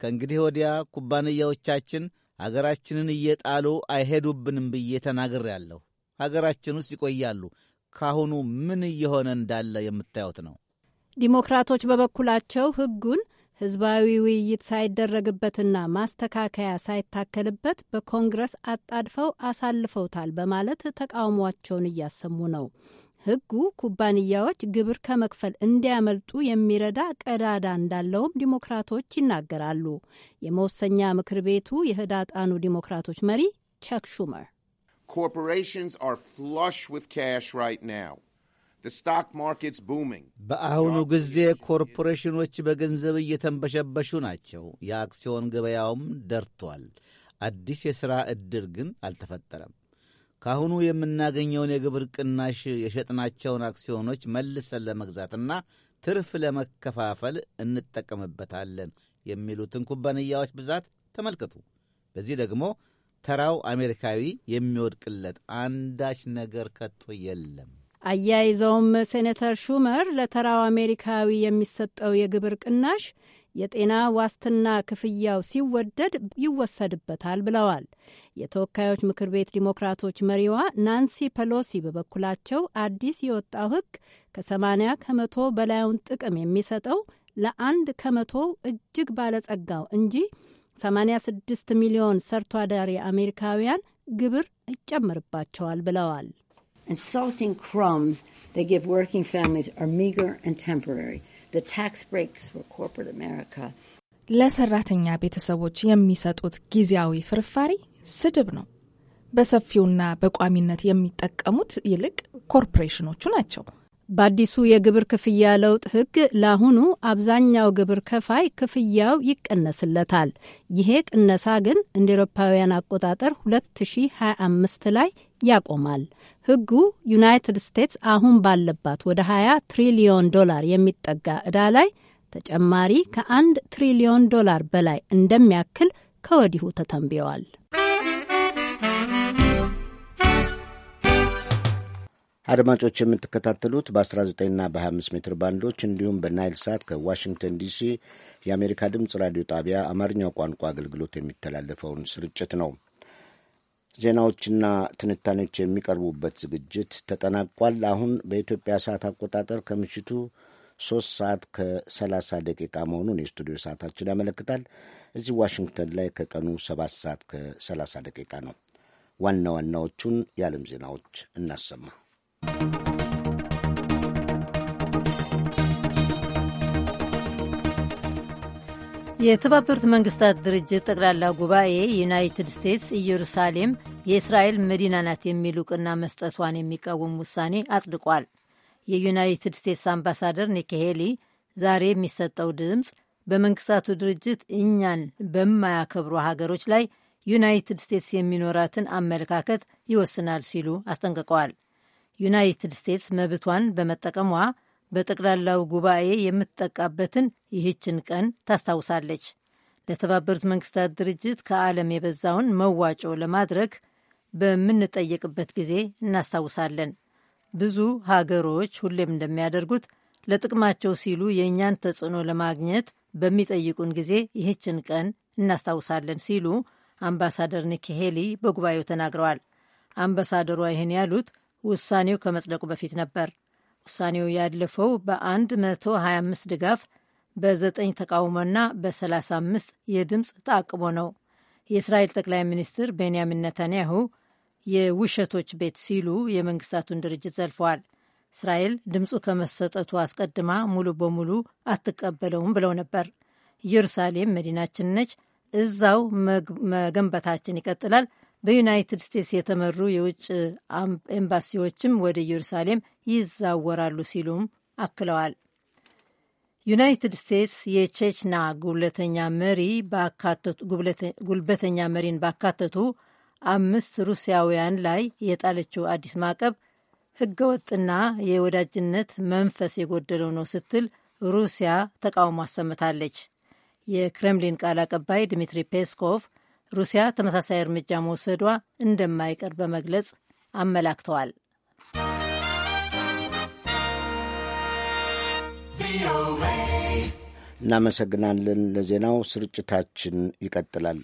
ከእንግዲህ ወዲያ ኩባንያዎቻችን ሀገራችንን እየጣሉ አይሄዱብንም ብዬ ተናግሬያለሁ። ሀገራችን ውስጥ ይቆያሉ። ካሁኑ ምን እየሆነ እንዳለ የምታዩት ነው። ዲሞክራቶች በበኩላቸው ሕጉን ህዝባዊ ውይይት ሳይደረግበትና ማስተካከያ ሳይታከልበት በኮንግረስ አጣድፈው አሳልፈውታል በማለት ተቃውሟቸውን እያሰሙ ነው። ህጉ ኩባንያዎች ግብር ከመክፈል እንዲያመልጡ የሚረዳ ቀዳዳ እንዳለውም ዲሞክራቶች ይናገራሉ። የመወሰኛ ምክር ቤቱ የህዳጣኑ ዲሞክራቶች መሪ ቸክ ሹመር ኮርፖሬሽንስ አር ፍሉሽ ዊዝ ካሽ ራይት ናው በአሁኑ ጊዜ ኮርፖሬሽኖች በገንዘብ እየተንበሸበሹ ናቸው። የአክሲዮን ገበያውም ደርቷል። አዲስ የሥራ ዕድል ግን አልተፈጠረም። ከአሁኑ የምናገኘውን የግብር ቅናሽ የሸጥናቸውን አክሲዮኖች መልሰን ለመግዛትና ትርፍ ለመከፋፈል እንጠቀምበታለን የሚሉትን ኩባንያዎች ብዛት ተመልከቱ። በዚህ ደግሞ ተራው አሜሪካዊ የሚወድቅለት አንዳች ነገር ከቶ የለም። አያይዘውም ሴኔተር ሹመር ለተራው አሜሪካዊ የሚሰጠው የግብር ቅናሽ የጤና ዋስትና ክፍያው ሲወደድ ይወሰድበታል ብለዋል። የተወካዮች ምክር ቤት ዲሞክራቶች መሪዋ ናንሲ ፐሎሲ በበኩላቸው አዲስ የወጣው ሕግ ከ80 ከመቶ በላዩን ጥቅም የሚሰጠው ለአንድ ከመቶ እጅግ ባለጸጋው እንጂ 86 ሚሊዮን ሰርቶ አዳሪ አሜሪካውያን ግብር ይጨምርባቸዋል ብለዋል። and salting crumbs they give working families are meager and temporary. The tax breaks for corporate America. ለሰራተኛ ቤተሰቦች የሚሰጡት ጊዜያዊ ፍርፋሪ ስድብ ነው። በሰፊውና በቋሚነት የሚጠቀሙት ይልቅ ኮርፖሬሽኖቹ ናቸው። በአዲሱ የግብር ክፍያ ለውጥ ሕግ ለአሁኑ አብዛኛው ግብር ከፋይ ክፍያው ይቀነስለታል። ይሄ ቅነሳ ግን እንደ ኤሮፓውያን አቆጣጠር 2025 ላይ ያቆማል። ህጉ ዩናይትድ ስቴትስ አሁን ባለባት ወደ 20 ትሪሊዮን ዶላር የሚጠጋ ዕዳ ላይ ተጨማሪ ከአንድ ትሪሊዮን ዶላር በላይ እንደሚያክል ከወዲሁ ተተንብየዋል። አድማጮች የምትከታተሉት በ19ና በ25 ሜትር ባንዶች እንዲሁም በናይል ሳት ከዋሽንግተን ዲሲ የአሜሪካ ድምፅ ራዲዮ ጣቢያ አማርኛው ቋንቋ አገልግሎት የሚተላለፈውን ስርጭት ነው። ዜናዎችና ትንታኔዎች የሚቀርቡበት ዝግጅት ተጠናቋል። አሁን በኢትዮጵያ ሰዓት አቆጣጠር ከምሽቱ ሶስት ሰዓት ከሰላሳ ደቂቃ መሆኑን የስቱዲዮ ሰዓታችን ያመለክታል። እዚህ ዋሽንግተን ላይ ከቀኑ ሰባት ሰዓት ከሰላሳ ደቂቃ ነው። ዋና ዋናዎቹን የዓለም ዜናዎች እናሰማ። የተባበሩት መንግስታት ድርጅት ጠቅላላ ጉባኤ ዩናይትድ ስቴትስ ኢየሩሳሌም የእስራኤል መዲና ናት የሚል እውቅና መስጠቷን የሚቃወም ውሳኔ አጽድቋል። የዩናይትድ ስቴትስ አምባሳደር ኒኪ ሄሊ ዛሬ የሚሰጠው ድምፅ በመንግስታቱ ድርጅት እኛን በማያከብሩ ሀገሮች ላይ ዩናይትድ ስቴትስ የሚኖራትን አመለካከት ይወስናል ሲሉ አስጠንቅቀዋል። ዩናይትድ ስቴትስ መብቷን በመጠቀሟ በጠቅላላው ጉባኤ የምትጠቃበትን ይህችን ቀን ታስታውሳለች። ለተባበሩት መንግስታት ድርጅት ከዓለም የበዛውን መዋጮ ለማድረግ በምንጠየቅበት ጊዜ እናስታውሳለን። ብዙ ሀገሮች ሁሌም እንደሚያደርጉት ለጥቅማቸው ሲሉ የእኛን ተጽዕኖ ለማግኘት በሚጠይቁን ጊዜ ይህችን ቀን እናስታውሳለን ሲሉ አምባሳደር ኒኪ ሄሊ በጉባኤው ተናግረዋል። አምባሳደሯ ይህን ያሉት ውሳኔው ከመጽደቁ በፊት ነበር። ውሳኔው ያለፈው በ125 ድጋፍ በ9 ተቃውሞና በ35 የድምፅ ተአቅቦ ነው። የእስራኤል ጠቅላይ ሚኒስትር ቤንያሚን ነታንያሁ የውሸቶች ቤት ሲሉ የመንግስታቱን ድርጅት ዘልፈዋል። እስራኤል ድምፁ ከመሰጠቱ አስቀድማ ሙሉ በሙሉ አትቀበለውም ብለው ነበር። ኢየሩሳሌም መዲናችን ነች፣ እዛው መገንባታችን ይቀጥላል በዩናይትድ ስቴትስ የተመሩ የውጭ ኤምባሲዎችም ወደ ኢየሩሳሌም ይዛወራሉ ሲሉም አክለዋል። ዩናይትድ ስቴትስ የቼችና ጉልበተኛ መሪ ጉልበተኛ መሪን ባካተቱ አምስት ሩሲያውያን ላይ የጣለችው አዲስ ማዕቀብ ሕገወጥና የወዳጅነት መንፈስ የጎደለው ነው ስትል ሩሲያ ተቃውሞ አሰምታለች። የክሬምሊን ቃል አቀባይ ድሚትሪ ፔስኮቭ ሩሲያ ተመሳሳይ እርምጃ መውሰዷ እንደማይቀር በመግለጽ አመላክተዋል። እናመሰግናለን ለዜናው። ስርጭታችን ይቀጥላል።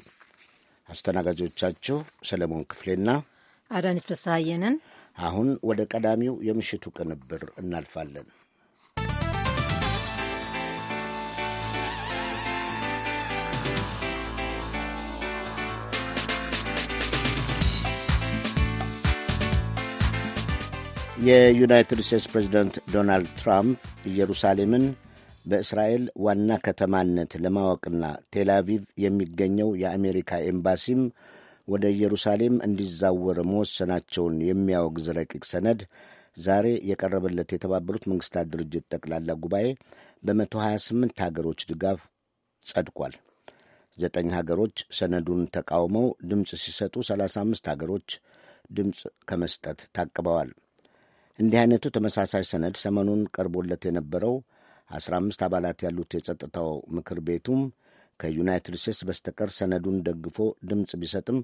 አስተናጋጆቻችሁ ሰለሞን ክፍሌና አዳነች ፍስሐዬ አሁን ወደ ቀዳሚው የምሽቱ ቅንብር እናልፋለን። የዩናይትድ ስቴትስ ፕሬዚደንት ዶናልድ ትራምፕ ኢየሩሳሌምን በእስራኤል ዋና ከተማነት ለማወቅና ቴል የሚገኘው የአሜሪካ ኤምባሲም ወደ ኢየሩሳሌም እንዲዛወር መወሰናቸውን የሚያወግዝ ረቂቅ ሰነድ ዛሬ የቀረበለት የተባበሩት መንግሥታት ድርጅት ጠቅላላ ጉባኤ በ128 ሀገሮች ድጋፍ ጸድቋል። ዘጠኝ ሀገሮች ሰነዱን ተቃውመው ድምፅ ሲሰጡ 35 ሀገሮች ድምፅ ከመስጠት ታቅበዋል። እንዲህ አይነቱ ተመሳሳይ ሰነድ ሰሞኑን ቀርቦለት የነበረው 15 አባላት ያሉት የጸጥታው ምክር ቤቱም ከዩናይትድ ስቴትስ በስተቀር ሰነዱን ደግፎ ድምፅ ቢሰጥም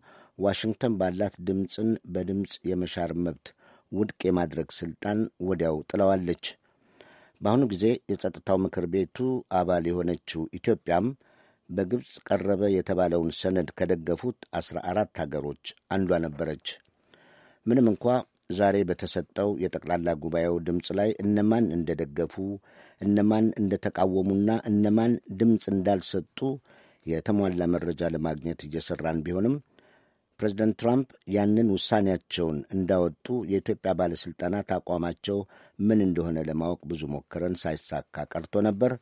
ዋሽንግተን ባላት ድምፅን በድምፅ የመሻር መብት ውድቅ የማድረግ ስልጣን ወዲያው ጥለዋለች። በአሁኑ ጊዜ የጸጥታው ምክር ቤቱ አባል የሆነችው ኢትዮጵያም በግብፅ ቀረበ የተባለውን ሰነድ ከደገፉት አስራ አራት ሀገሮች አንዷ ነበረች። ምንም እንኳ ዛሬ በተሰጠው የጠቅላላ ጉባኤው ድምፅ ላይ እነማን እንደደገፉ፣ እነማን እንደተቃወሙና እነማን ድምፅ እንዳልሰጡ የተሟላ መረጃ ለማግኘት እየሰራን ቢሆንም ፕሬዚደንት ትራምፕ ያንን ውሳኔያቸውን እንዳወጡ የኢትዮጵያ ባለሥልጣናት አቋማቸው ምን እንደሆነ ለማወቅ ብዙ ሞክረን ሳይሳካ ቀርቶ ነበር።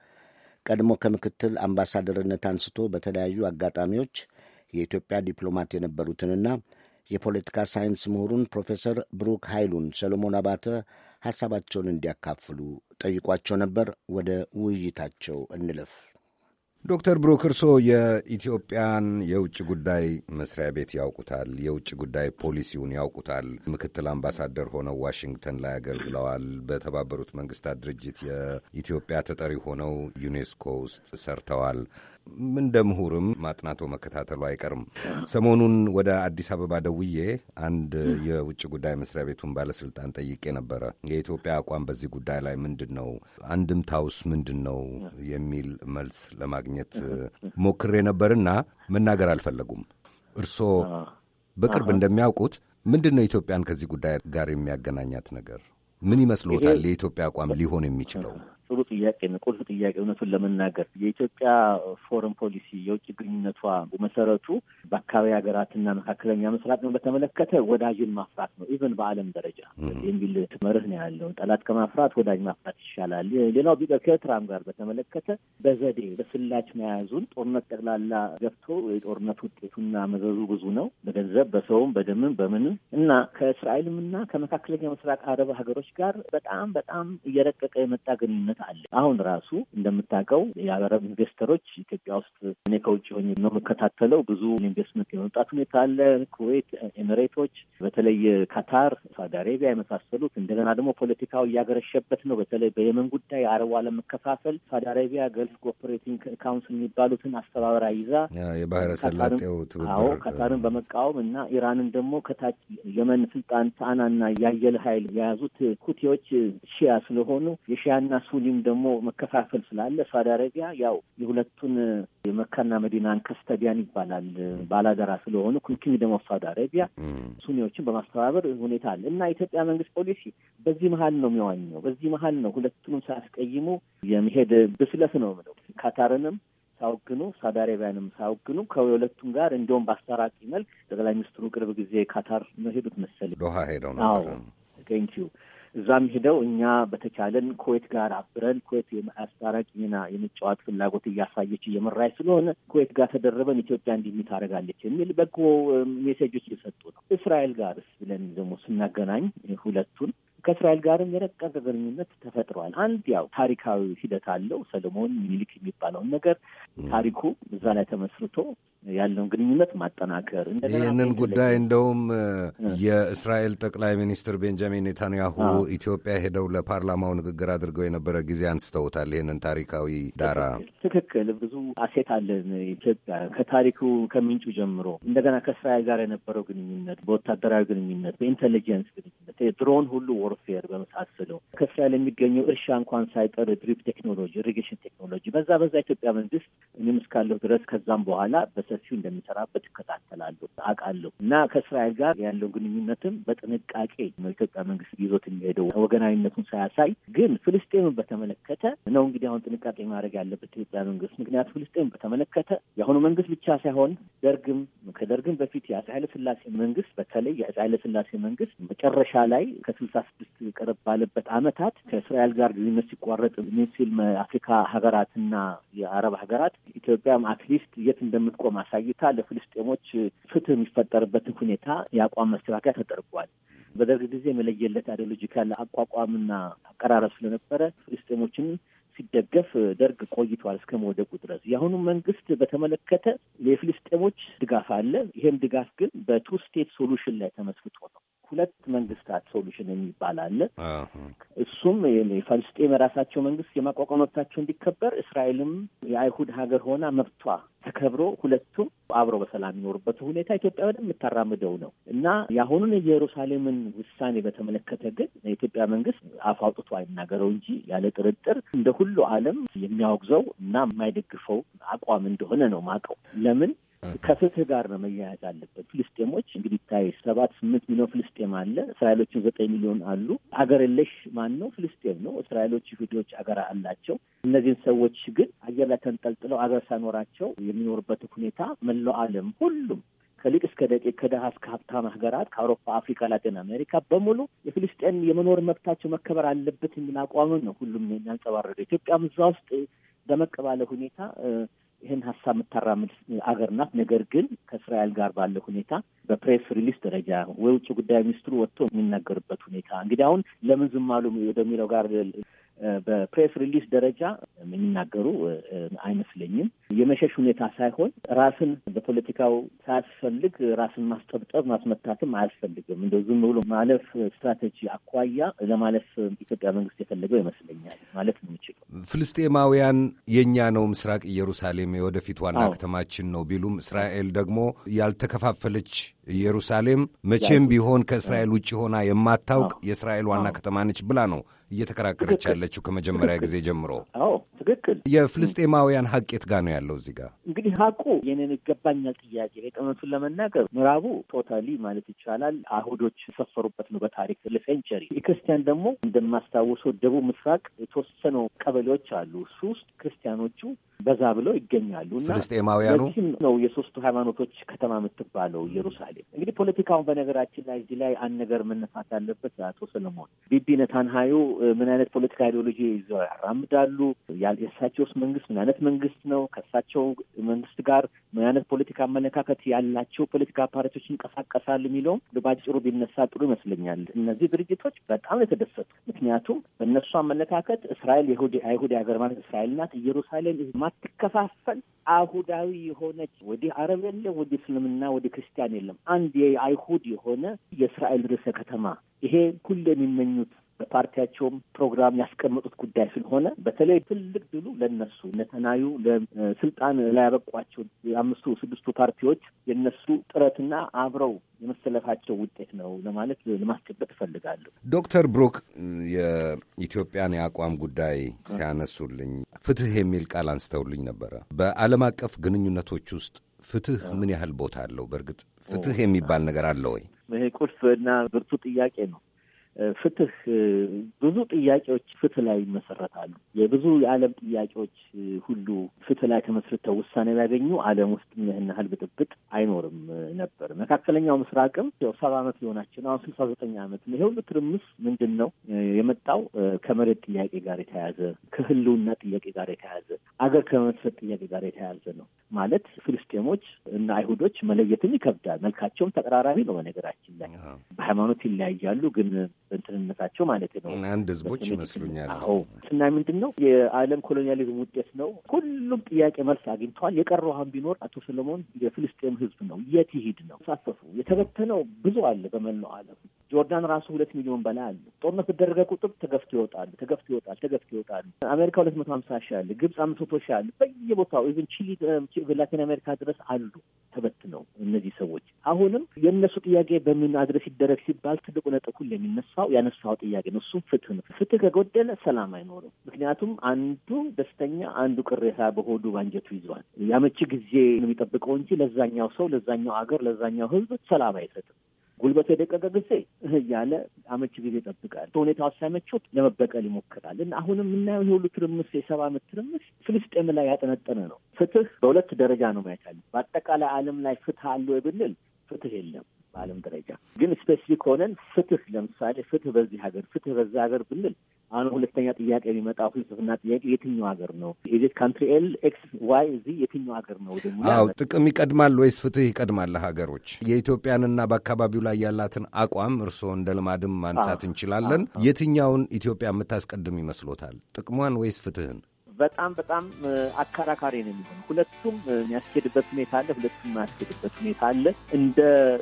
ቀድሞ ከምክትል አምባሳደርነት አንስቶ በተለያዩ አጋጣሚዎች የኢትዮጵያ ዲፕሎማት የነበሩትንና የፖለቲካ ሳይንስ ምሁሩን ፕሮፌሰር ብሩክ ኃይሉን ሰሎሞን አባተ ሐሳባቸውን እንዲያካፍሉ ጠይቋቸው ነበር። ወደ ውይይታቸው እንለፍ። ዶክተር ብሩክ እርሶ የኢትዮጵያን የውጭ ጉዳይ መስሪያ ቤት ያውቁታል፣ የውጭ ጉዳይ ፖሊሲውን ያውቁታል። ምክትል አምባሳደር ሆነው ዋሽንግተን ላይ አገልግለዋል። በተባበሩት መንግስታት ድርጅት የኢትዮጵያ ተጠሪ ሆነው ዩኔስኮ ውስጥ ሰርተዋል። እንደ ምሁርም ማጥናቶ መከታተሉ አይቀርም። ሰሞኑን ወደ አዲስ አበባ ደውዬ አንድ የውጭ ጉዳይ መስሪያ ቤቱን ባለስልጣን ጠይቄ ነበረ። የኢትዮጵያ አቋም በዚህ ጉዳይ ላይ ምንድን ነው፣ አንድምታውስ ምንድን ነው የሚል መልስ ለማግኘት ሞክሬ ነበርና መናገር አልፈለጉም። እርስዎ በቅርብ እንደሚያውቁት ምንድን ነው ኢትዮጵያን ከዚህ ጉዳይ ጋር የሚያገናኛት ነገር ምን ይመስሎታል የኢትዮጵያ አቋም ሊሆን የሚችለው ጥሩ ጥያቄ ነው። ቁልፍ ጥያቄ እውነቱን ለመናገር የኢትዮጵያ ፎረን ፖሊሲ የውጭ ግንኙነቷ መሰረቱ በአካባቢ ሀገራትና መካከለኛ ምስራቅ ነው በተመለከተ ወዳጅን ማፍራት ነው። ኢቨን በዓለም ደረጃ የሚል መርህ ነው ያለው። ጠላት ከማፍራት ወዳጅ ማፍራት ይሻላል። ሌላው ቢቀር ከኤርትራም ጋር በተመለከተ በዘዴ በስላች መያዙን ጦርነት ጠቅላላ ገብቶ የጦርነት ውጤቱና መዘዙ ብዙ ነው። በገንዘብ በሰውም በደምም በምንም እና ከእስራኤልም እና ከመካከለኛ ምስራቅ አረብ ሀገሮች ጋር በጣም በጣም እየረቀቀ የመጣ ግንኙነት አለ። አሁን ራሱ እንደምታውቀው የአረብ ኢንቨስተሮች ኢትዮጵያ ውስጥ እኔ ከውጭ ሆኜ ነው የምከታተለው። ብዙ ኢንቨስትመንት የመምጣት ሁኔታ አለ። ኩዌት፣ ኤሚሬቶች፣ በተለይ ካታር፣ ሳውዲ አሬቢያ የመሳሰሉት እንደገና ደግሞ ፖለቲካው እያገረሸበት ነው። በተለይ በየመን ጉዳይ የአረቡ ዓለም መከፋፈል ሳውዲ አሬቢያ ገልፍ ኮኦፕሬቲንግ ካውንስል የሚባሉትን አስተባበራ ይዛ የባህረ ሰላጤው ትብብር ካታርን በመቃወም እና ኢራንን ደግሞ ከታች የመን ስልጣን ሳአናና ያየለ ሀይል የያዙት ኩቴዎች ሺያ ስለሆኑ የሺያና ሱኒ እንዲሁም ደግሞ መከፋፈል ስላለ ሳውዲ አረቢያ ያው የሁለቱን የመካና መዲናን ከስተዲያን ይባላል ባላደራ ስለሆኑ ኪንግደም ደግሞ ሳውዲ አረቢያ ሱኒዎችን በማስተባበር ሁኔታ አለ እና የኢትዮጵያ መንግስት ፖሊሲ በዚህ መሀል ነው የሚዋኘው። በዚህ መሀል ነው ሁለቱንም ሳያስቀይሙ የመሄድ ብስለት ነው ምለው ካታርንም ሳውግኑ ሳውዲ አረቢያንም ሳውግኑ ከሁለቱም ጋር እንዲሁም በአስታራቂ መልክ ጠቅላይ ሚኒስትሩ ቅርብ ጊዜ ካታር ነው ሄዱት መሰለኝ ዶሃ ሄደው ነው። ቴንኪዩ እዛም ሄደው እኛ በተቻለን ኩዌት ጋር አብረን ኩዌት የአስታራቂ ሚና የመጫወት ፍላጎት እያሳየች እየመራች ስለሆነ ኩዌት ጋር ተደረበን ኢትዮጵያ እንዲህ ታደርጋለች የሚል በጎ ሜሴጆች እየሰጡ ነው። እስራኤል ጋርስ ብለን ደግሞ ስናገናኝ ሁለቱን ከእስራኤል ጋርም የረቀቀ ግንኙነት ተፈጥሯል። አንድ ያው ታሪካዊ ሂደት አለው። ሰለሞን ሚኒሊክ የሚባለውን ነገር ታሪኩ እዛ ላይ ተመስርቶ ያለውን ግንኙነት ማጠናከር ይህንን ጉዳይ እንደውም የእስራኤል ጠቅላይ ሚኒስትር ቤንጃሚን ኔታንያሁ ኢትዮጵያ ሄደው ለፓርላማው ንግግር አድርገው የነበረ ጊዜ አንስተውታል። ይህንን ታሪካዊ ዳራ ትክክል፣ ብዙ አሴት አለን ኢትዮጵያ ከታሪኩ ከምንጩ ጀምሮ እንደገና ከእስራኤል ጋር የነበረው ግንኙነት፣ በወታደራዊ ግንኙነት፣ በኢንቴሊጀንስ ግንኙነት ድሮን ሁሉ ፎርፌር በመሳሰለው ከስራ የሚገኘው እርሻ እንኳን ሳይቀር ድሪፕ ቴክኖሎጂ፣ ኢሪጌሽን ቴክኖሎጂ በዛ በዛ ኢትዮጵያ መንግስት እኔም እስካለሁ ድረስ ከዛም በኋላ በሰፊው እንደሚሰራበት እከታተላለሁ አውቃለሁ እና ከእስራኤል ጋር ያለው ግንኙነትም በጥንቃቄ ነው ኢትዮጵያ መንግስት ይዞት የሚሄደው ወገናዊነቱን ሳያሳይ። ግን ፍልስጤምን በተመለከተ ነው እንግዲህ አሁን ጥንቃቄ ማድረግ ያለበት ኢትዮጵያ መንግስት። ምክንያቱም ፍልስጤምን በተመለከተ የአሁኑ መንግስት ብቻ ሳይሆን ደርግም ከደርግም በፊት የአፄ ኃይለስላሴ መንግስት በተለይ የአፄ ኃይለስላሴ መንግስት መጨረሻ ላይ ከስልሳ ስድስት ቀረብ ባለበት አመታት ከእስራኤል ጋር ግንኙነት ሲቋረጥ ሚሲል አፍሪካ ሀገራትና የአረብ ሀገራት ኢትዮጵያም አትሊስት የት እንደምትቆም አሳይታ ለፍልስጤሞች ፍትህ የሚፈጠርበትን ሁኔታ የአቋም መስተካከያ ተደርጓል። በደርግ ጊዜ የመለየለት አይዲዮሎጂካል አቋቋምና አቀራረብ ስለነበረ ፍልስጤሞችን ሲደገፍ ደርግ ቆይቷል እስከ መውደቁ ድረስ። የአሁኑ መንግስት በተመለከተ የፍልስጤሞች ድጋፍ አለ። ይሄም ድጋፍ ግን በቱ ስቴት ሶሉሽን ላይ ተመስርቶ ነው። ሁለት መንግስታት ሶሉሽን የሚባል አለ። እሱም የፈልስጤም የራሳቸው መንግስት የማቋቋም መብታቸው እንዲከበር፣ እስራኤልም የአይሁድ ሀገር ሆና መብቷ ተከብሮ ሁለቱም አብሮ በሰላም የሚኖሩበት ሁኔታ ኢትዮጵያ ወደ የምታራምደው ነው እና የአሁኑን የኢየሩሳሌምን ውሳኔ በተመለከተ ግን የኢትዮጵያ መንግስት አፍ አውጥቶ አይናገረው እንጂ ያለ ጥርጥር እንደ ሁሉ ዓለም የሚያወግዘው እና የማይደግፈው አቋም እንደሆነ ነው ማቀው ለምን ከፍትህ ጋር ነው መያያዝ አለበት። ፍልስጤሞች እንግዲህ ታይ ሰባት ስምንት ሚሊዮን ፍልስጤም አለ። እስራኤሎችን ዘጠኝ ሚሊዮን አሉ። አገር የለሽ ማን ነው? ፍልስጤም ነው። እስራኤሎች ይሁዲዎች አገር አላቸው። እነዚህን ሰዎች ግን አየር ላይ ተንጠልጥለው አገር ሳኖራቸው የሚኖርበት ሁኔታ መላው ዓለም ሁሉም ከሊቅ እስከ ደቂቅ ከደሃ እስከ ሀብታም ሀገራት ከአውሮፓ፣ አፍሪካ፣ ላቲን አሜሪካ በሙሉ የፍልስጤን የመኖር መብታቸው መከበር አለበት የሚል አቋምን ነው ሁሉም የሚያንጸባረቀው። ኢትዮጵያም እዛ ውስጥ በመቀባለ ሁኔታ ይህን ሀሳብ የምታራምድ አገር ናት። ነገር ግን ከእስራኤል ጋር ባለ ሁኔታ በፕሬስ ሪሊስ ደረጃ ወይ ውጭ ጉዳይ ሚኒስትሩ ወጥቶ የሚናገርበት ሁኔታ እንግዲህ አሁን ለምን ዝም አሉ ወደሚለው ጋር በፕሬስ ሪሊስ ደረጃ የሚናገሩ አይመስለኝም። የመሸሽ ሁኔታ ሳይሆን ራስን በፖለቲካው ሳያስፈልግ ራስን ማስጠብጠብ ማስመታትም አያስፈልግም። እንደ ዝም ብሎ ማለፍ ስትራቴጂ አኳያ ለማለፍ ኢትዮጵያ መንግስት የፈለገው ይመስለኛል ማለት ነው የሚችለው። ፍልስጤማውያን የእኛ ነው፣ ምስራቅ ኢየሩሳሌም የወደፊት ዋና ከተማችን ነው ቢሉም እስራኤል ደግሞ ያልተከፋፈለች ኢየሩሳሌም መቼም ቢሆን ከእስራኤል ውጭ ሆና የማታውቅ የእስራኤል ዋና ከተማ ነች ብላ ነው እየተከራከረች ያለችው ከመጀመሪያ ጊዜ ጀምሮ። አዎ ትክክል። የፍልስጤማውያን ሀቅ የት ጋ ነው ያለው? እዚህ ጋር እንግዲህ ሀቁ የኔን ይገባኛል ጥያቄ እውነቱን ለመናገር ምዕራቡ ቶታሊ ማለት ይቻላል አይሁዶች የሰፈሩበት ነው በታሪክ ለሴንቸሪ። የክርስቲያን ደግሞ እንደማስታውሰው ደቡብ ምስራቅ የተወሰኑ ቀበሌዎች አሉ። እሱ ውስጥ ክርስቲያኖቹ በዛ ብለው ይገኛሉ። እና ፍልስጤማውያኑ ነው የሶስቱ ሃይማኖቶች ከተማ የምትባለው ኢየሩሳሌም አይደለም። እንግዲህ ፖለቲካውን በነገራችን ላይ እዚህ ላይ አንድ ነገር መነሳት ያለበት አቶ ሰለሞን ቢቢ ነታንሃዩ ምን አይነት ፖለቲካ አይዲዮሎጂ ይዘው ያራምዳሉ? የእሳቸውስ መንግስት ምን አይነት መንግስት ነው? ከእሳቸው መንግስት ጋር ምን አይነት ፖለቲካ አመለካከት ያላቸው ፖለቲካ ፓርቲዎች ይንቀሳቀሳሉ የሚለውም በአጭሩ ቢነሳ ጥሩ ይመስለኛል። እነዚህ ድርጅቶች በጣም የተደሰቱ ምክንያቱም በእነሱ አመለካከት እስራኤል አይሁድ ሀገር ማለት እስራኤል ናት። ኢየሩሳሌም ማትከፋፈል አሁዳዊ የሆነች ወዲህ አረብ የለም፣ ወዲህ እስልምና፣ ወዲህ ክርስቲያን የለም አንድ የአይሁድ የሆነ የእስራኤል ርዕሰ ከተማ ይሄ ሁሉ የሚመኙት በፓርቲያቸውም ፕሮግራም ያስቀመጡት ጉዳይ ስለሆነ በተለይ ትልቅ ድሉ ለነሱ ነተናዩ ለስልጣን ላያበቋቸው የአምስቱ ስድስቱ ፓርቲዎች የነሱ ጥረትና አብረው የመሰለፋቸው ውጤት ነው ለማለት ለማስጨበጥ እፈልጋለሁ። ዶክተር ብሩክ የኢትዮጵያን የአቋም ጉዳይ ሲያነሱልኝ ፍትህ የሚል ቃል አንስተውልኝ ነበረ። በዓለም አቀፍ ግንኙነቶች ውስጥ ፍትህ ምን ያህል ቦታ አለው? በእርግጥ ፍትህ የሚባል ነገር አለ ወይ? ይሄ ቁልፍ እና ብርቱ ጥያቄ ነው። ፍትህ ብዙ ጥያቄዎች ፍትህ ላይ ይመሰረታሉ። የብዙ የዓለም ጥያቄዎች ሁሉ ፍትህ ላይ ተመስርተው ውሳኔ ቢያገኙ ዓለም ውስጥ ምን ያህል ብጥብጥ አይኖርም ነበር። መካከለኛው ምስራቅም ያው ሰባ ዓመት ሊሆናችን አሁን ስልሳ ዘጠኝ ዓመት ነው። ይሄ ሁሉ ትርምስ ምንድን ነው የመጣው? ከመሬት ጥያቄ ጋር የተያዘ ከህልውና ጥያቄ ጋር የተያዘ አገር ከመመስረት ጥያቄ ጋር የተያዘ ነው። ማለት ፍልስጤሞች እና አይሁዶች መለየትም ይከብዳል። መልካቸውም ተቀራራቢ ነው። በነገራችን ላይ በሃይማኖት ይለያያሉ ግን በእንትንነታቸው ማለት ነው። አንድ ህዝቦች ይመስሉኛል። አዎ ስና ምንድን ነው የዓለም ኮሎኒያሊዝም ውጤት ነው። ሁሉም ጥያቄ መልስ አግኝተዋል። የቀረው አሁን ቢኖር አቶ ሰለሞን የፍልስጤም ህዝብ ነው። የት ይሄድ ነው ሳሰፉ የተበተነው ብዙ አለ በመላው ዓለም ጆርዳን ራሱ ሁለት ሚሊዮን በላይ አለ። ጦርነት በደረገ ቁጥር ተገፍቶ ይወጣሉ፣ ተገፍቶ ይወጣል፣ ተገፍቶ ይወጣሉ። አሜሪካ ሁለት መቶ ሀምሳ ሺህ አለ፣ ግብፅ አምስት መቶ ሺህ አለ። በየቦታው ኢቭን ቺሊ፣ ላቲን አሜሪካ ድረስ አሉ ተበትነው እነዚህ ሰዎች። አሁንም የእነሱ ጥያቄ በምን አድረስ ይደረግ ሲባል ትልቁ ነጥብ ሁሉ የሚነሳ ያነሳው ያነሳው ጥያቄ ነው። እሱ ፍትህ ነው። ፍትህ ከጎደለ ሰላም አይኖርም። ምክንያቱም አንዱ ደስተኛ፣ አንዱ ቅሬታ በሆዱ ባንጀቱ ይዟል። ያመቺ ጊዜ ነው የሚጠብቀው እንጂ ለዛኛው ሰው፣ ለዛኛው አገር፣ ለዛኛው ህዝብ ሰላም አይሰጥም። ጉልበቱ የደቀቀ ጊዜ እያለ አመች ጊዜ ይጠብቃል። ሁኔታው ሳይመቸው ለመበቀል ይሞክራል እና አሁንም የምናየው የሁሉ ትርምስ የሰባ ዓመት ትርምስ ፍልስጤም ላይ ያጠነጠነ ነው። ፍትህ በሁለት ደረጃ ነው ማየት ያለ። በአጠቃላይ ዓለም ላይ ፍትህ አለ ብንል ፍትህ የለም። በዓለም ደረጃ ግን ስፔሲፊክ ሆነን ፍትህ፣ ለምሳሌ ፍትህ በዚህ ሀገር ፍትህ በዛ ሀገር ብንል አሁን ሁለተኛ ጥያቄ የሚመጣው ፍልስፍና ጥያቄ የትኛው ሀገር ነው ኢዚት ካንትሪ ኤል ኤክስ ዋይ እዚ የትኛው ሀገር ነው አዎ ጥቅም ይቀድማል ወይስ ፍትህ ይቀድማል ለሀገሮች የኢትዮጵያንና በአካባቢው ላይ ያላትን አቋም እርስዎ እንደ ልማድም ማንሳት እንችላለን የትኛውን ኢትዮጵያ የምታስቀድም ይመስሎታል ጥቅሟን ወይስ ፍትህን በጣም በጣም አከራካሪ ነው የሚሆነው። ሁለቱም የሚያስኬድበት ሁኔታ አለ፣ ሁለቱም የሚያስኬድበት ሁኔታ አለ። እንደ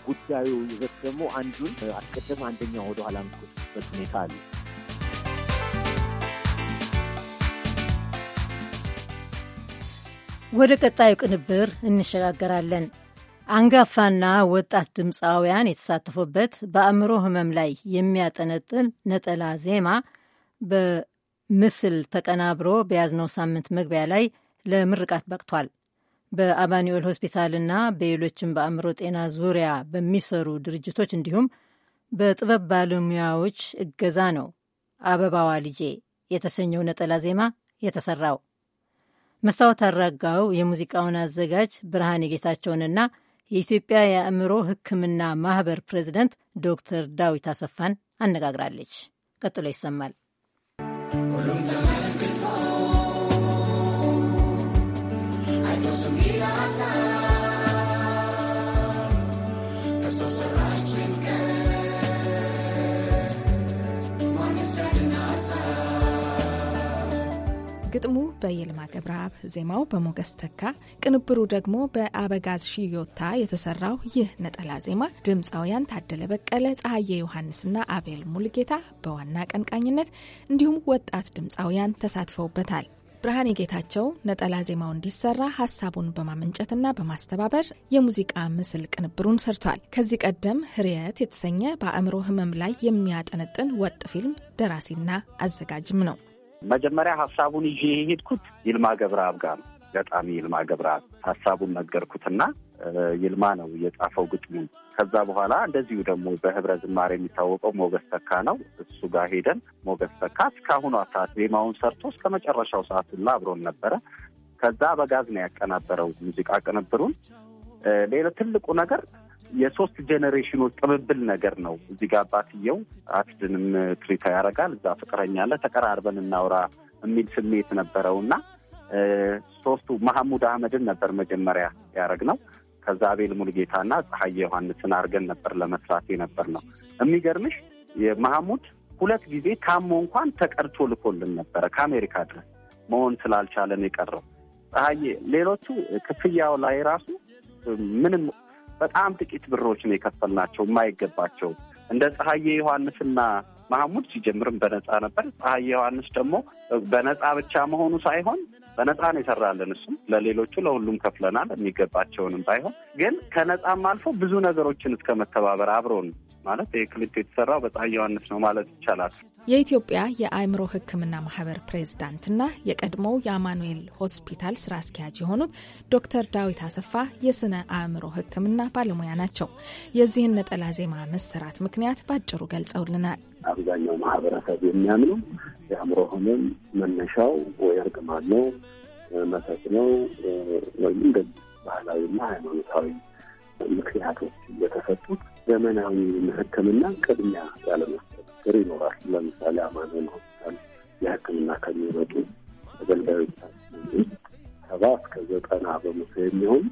ጉዳዩ ይዘት ደግሞ አንዱን አስቀድም፣ አንደኛው ወደኋላ ምትበት ሁኔታ አለ። ወደ ቀጣዩ ቅንብር እንሸጋገራለን። አንጋፋና ወጣት ድምፃውያን የተሳተፉበት በአእምሮ ህመም ላይ የሚያጠነጥን ነጠላ ዜማ ምስል ተቀናብሮ በያዝነው ሳምንት መግቢያ ላይ ለምርቃት በቅቷል። ሆስፒታል ሆስፒታልና በሌሎችም በአእምሮ ጤና ዙሪያ በሚሰሩ ድርጅቶች እንዲሁም በጥበብ ባለሙያዎች እገዛ ነው አበባዋ ልጄ የተሰኘው ነጠላ ዜማ የተሰራው። መስታወት አራጋው የሙዚቃውን አዘጋጅ ብርሃን የጌታቸውንና የኢትዮጵያ የአእምሮ ሕክምና ማህበር ፕሬዚደንት ዶክተር ዳዊት አሰፋን አነጋግራለች። ቀጥሎ ይሰማል። ሁሉም ተመልክቶ አይቶ ስም ይላታል ግጥሙ በየልማ ገብረአብ፣ ዜማው በሞገስ ተካ፣ ቅንብሩ ደግሞ በአበጋዝ ሽዮታ የተሰራው ይህ ነጠላ ዜማ ድምፃውያን ታደለ በቀለ፣ ፀሐዬ ዮሐንስና አቤል ሙልጌታ በዋና ቀንቃኝነት እንዲሁም ወጣት ድምፃውያን ተሳትፈውበታል። ብርሃኔ ጌታቸው ነጠላ ዜማው እንዲሰራ ሀሳቡን በማመንጨትና በማስተባበር የሙዚቃ ምስል ቅንብሩን ሰርቷል። ከዚህ ቀደም ህርየት የተሰኘ በአእምሮ ህመም ላይ የሚያጠነጥን ወጥ ፊልም ደራሲና አዘጋጅም ነው። መጀመሪያ ሀሳቡን ይዤ የሄድኩት ይልማ ገብረአብ ጋር ነው። ገጣሚ ይልማ ገብረአብ ሀሳቡን ነገርኩትና ይልማ ነው የጻፈው ግጥሙን። ከዛ በኋላ እንደዚሁ ደግሞ በህብረ ዝማሬ የሚታወቀው ሞገስ ተካ ነው። እሱ ጋር ሄደን ሞገስ ተካ እስካሁኗ ሰዓት ዜማውን ሰርቶ እስከ መጨረሻው ሰዓት ሁላ አብሮን ነበረ። ከዛ በጋዝ ነው ያቀናበረው ሙዚቃ ቅንብሩን። ሌላ ትልቁ ነገር የሶስት ጄኔሬሽኖች ቅብብል ነገር ነው። እዚህ ጋር አባትየው አክድንም ትሪታ ያደርጋል፣ እዛ ፍቅረኛ አለ፣ ተቀራርበን እናውራ የሚል ስሜት ነበረው እና ሶስቱ መሐሙድ አህመድን ነበር መጀመሪያ ያደረግ ነው። ከዛ አቤል ሙልጌታና ፀሐዬ ዮሐንስን አድርገን ነበር ለመስራት የነበር ነው። የሚገርምሽ የመሐሙድ ሁለት ጊዜ ታሞ እንኳን ተቀድቶ ልኮልን ነበረ ከአሜሪካ ድረስ መሆን ስላልቻለን የቀረው ፀሐዬ ሌሎቹ ክፍያው ላይ ራሱ ምንም በጣም ጥቂት ብሮች ነው የከፈልናቸው የማይገባቸው። እንደ ፀሐዬ ዮሐንስና መሐሙድ ሲጀምርም በነፃ ነበር። ፀሐዬ ዮሐንስ ደግሞ በነፃ ብቻ መሆኑ ሳይሆን በነፃ ነው የሰራለን። እሱም ለሌሎቹ ለሁሉም ከፍለናል፣ የሚገባቸውንም ባይሆን ግን ከነፃም አልፎ ብዙ ነገሮችን እስከ መተባበር አብሮን ማለት ይህ ክሊፕ የተሰራው በፀሐዬ ዮሐንስ ነው ማለት ይቻላል። የኢትዮጵያ የአእምሮ ሕክምና ማህበር ፕሬዝዳንትና የቀድሞው የአማኑኤል ሆስፒታል ስራ አስኪያጅ የሆኑት ዶክተር ዳዊት አሰፋ የስነ አእምሮ ሕክምና ባለሙያ ናቸው። የዚህን ነጠላ ዜማ መሰራት ምክንያት ባጭሩ ገልጸውልናል። አብዛኛው ማህበረሰብ የሚያምነው የአእምሮ ህመም መነሻው ወይ እርግማን ነው፣ መተት ነው ወይም እንደዚህ ባህላዊና ሃይማኖታዊ ምክንያቶች የተሰጡት ዘመናዊ ሕክምና ቅድሚያ ያለመስጠት ችግር ይኖራል። ለምሳሌ አማኑኤል ሆስፒታል የህክምና ከሚመጡ ተገልጋዮች ሰባ እስከ ዘጠና በመቶ የሚሆን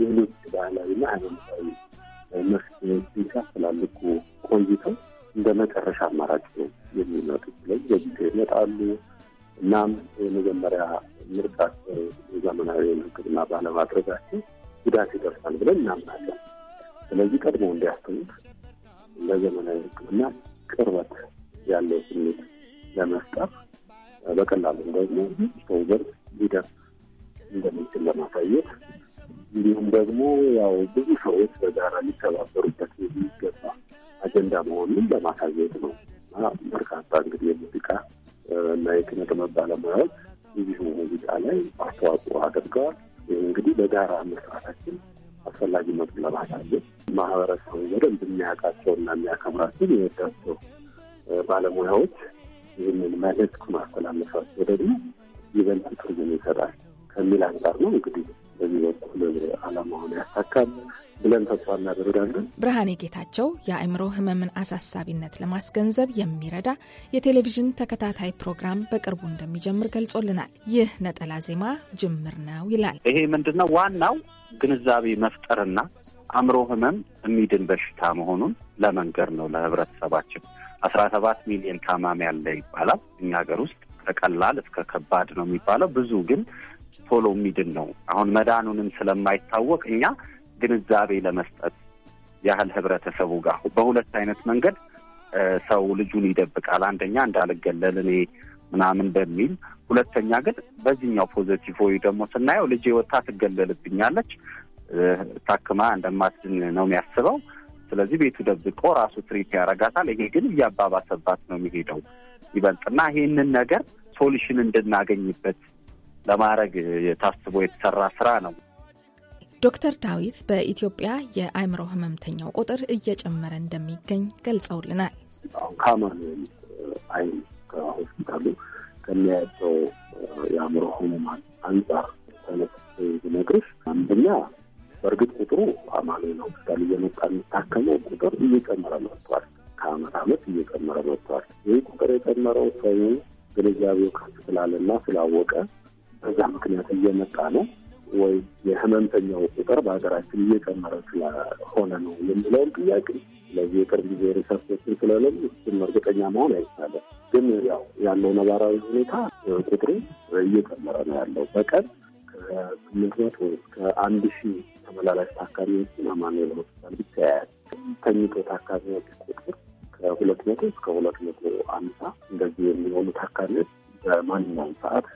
ሌሎች ባህላዊና ሃይማኖታዊ መፍትሄዎች ሲያፈላልጉ ቆይተው እንደ መጨረሻ አማራጭ ነው የሚመጡ። ስለዚህ በጊዜ ይመጣሉ። እናም የመጀመሪያ ምርጫቸው የዘመናዊ ህክምና ባለማድረጋቸው ጉዳት ይደርሳል ብለን እናምናለን። ስለዚህ ቀድሞ እንዲያስተምር ለዘመናዊ ህክምና ቅርበት ያለው ስሜት ለመፍጠር በቀላሉ ደግሞ ሰው ዘንድ ሊደርስ እንደሚችል ለማሳየት እንዲሁም ደግሞ ያው ብዙ ሰዎች በጋራ ሊተባበሩበት የሚገባ አጀንዳ መሆኑን ለማሳየት ነው እና በርካታ እንግዲህ የሙዚቃ እና የኪነ ጥበብ ባለሙያዎች እዚሁ ሙዚቃ ላይ አስተዋጽኦ አድርገዋል። ይህ እንግዲህ በጋራ መስራታችን አስፈላጊነቱ ለማሳየት ማህበረሰቡ በደንብ የሚያውቃቸው እና የሚያከብራቸው የወዳቸው ባለሙያዎች ይህንን መልእክት ማስተላለፋቸው ደግሞ ይበልጥ ትርጉም ይሰጣል። ከሚል አንጻር ነው እንግዲህ በዚህ በኩል አላማውን ያሳካል ብለን ተስፋ እናደርጋለን። ብርሃኔ ጌታቸው የአእምሮ ሕመምን አሳሳቢነት ለማስገንዘብ የሚረዳ የቴሌቪዥን ተከታታይ ፕሮግራም በቅርቡ እንደሚጀምር ገልጾልናል። ይህ ነጠላ ዜማ ጅምር ነው ይላል። ይሄ ምንድነው? ዋናው ግንዛቤ መፍጠርና አእምሮ ሕመም የሚድን በሽታ መሆኑን ለመንገር ነው ለህብረተሰባችን። አስራ ሰባት ሚሊዮን ታማሚ ያለ ይባላል እኛ ሀገር ውስጥ ከቀላል እስከ ከባድ ነው የሚባለው ብዙ ግን ቶሎ የሚድን ነው። አሁን መዳኑንም ስለማይታወቅ እኛ ግንዛቤ ለመስጠት ያህል ህብረተሰቡ ጋር በሁለት አይነት መንገድ ሰው ልጁን ይደብቃል። አንደኛ እንዳልገለል እኔ ምናምን በሚል ሁለተኛ ግን በዚህኛው ፖዘቲቭ ወይ ደግሞ ስናየው ልጄ ወታ ትገለልብኛለች ታክማ እንደማትድን ነው የሚያስበው። ስለዚህ ቤቱ ደብቆ ራሱ ትሪት ያረጋታል። ይሄ ግን እያባባሰባት ነው የሚሄደው ይበልጥና ይህንን ነገር ሶሉሽን እንድናገኝበት ለማድረግ ታስቦ የተሰራ ስራ ነው። ዶክተር ዳዊት በኢትዮጵያ የአእምሮ ህመምተኛው ቁጥር እየጨመረ እንደሚገኝ ገልጸውልናል። አሁን ከአማኑኤል አይን ከሆስፒታሉ ከሚያያቸው የአእምሮ ህሙማን አንጻር ተነስ ብነግርሽ አንደኛ በእርግጥ ቁጥሩ አማኑኤል ሆስፒታል እየመጣ የሚታከመው ቁጥር እየጨመረ መጥቷል። ከአመት አመት እየጨመረ መጥቷል። ይህ ቁጥር የጨመረው ሰው ግንዛቤው ከፍ ስላለና ስላወቀ በዛ ምክንያት እየመጣ ነው ወይ የህመምተኛው ቁጥር በሀገራችን እየጨመረ ስለሆነ ነው የሚለውን ጥያቄ ስለዚህ የቅርብ ጊዜ ሪሰርቾችን ስለለም እሱም እርግጠኛ መሆን አይቻልም። ግን ያው ያለው ነባራዊ ሁኔታ ቁጥሩ እየጨመረ ነው ያለው በቀን ከስምንት መቶ እስከ አንድ ሺህ ተመላላሽ ታካሚዎች አማኑኤል ሆስፒታል ብቻ ያያል። ተኝቶ ታካሚዎች ቁጥር ከሁለት መቶ እስከ ሁለት መቶ አምሳ እንደዚህ የሚሆኑ ታካሚዎች በማንኛውም ሰዓት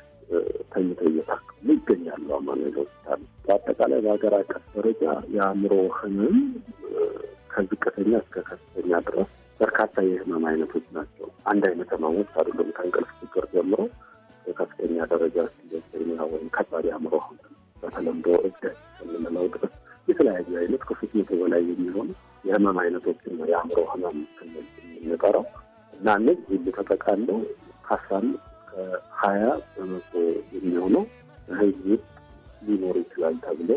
ተኝተው እየታከሙ ይገኛሉ። አማኑኤል ሆስፒታል በአጠቃላይ በሀገር አቀፍ ደረጃ የአእምሮ ህመም ከዝቅተኛ እስከ ከፍተኛ ድረስ በርካታ የህመም አይነቶች ናቸው። አንድ አይነት ህመሞች አይደሉም። ከእንቅልፍ ችግር ጀምሮ ከፍተኛ ደረጃ ስለኛ ወይም ከባድ የአእምሮ ህመም በተለምዶ እብደት የምንለው ድረስ የተለያዩ አይነት ከሶስት መቶ በላይ የሚሆኑ የህመም አይነቶች ነው የአእምሮ ህመም ክልል የምንጠራው እና እነዚህ ሁሉ ተጠቃለው ካሳም ሀያ በመቶ የሚሆነው ህዝብ ሊኖር ይችላል ተብሎ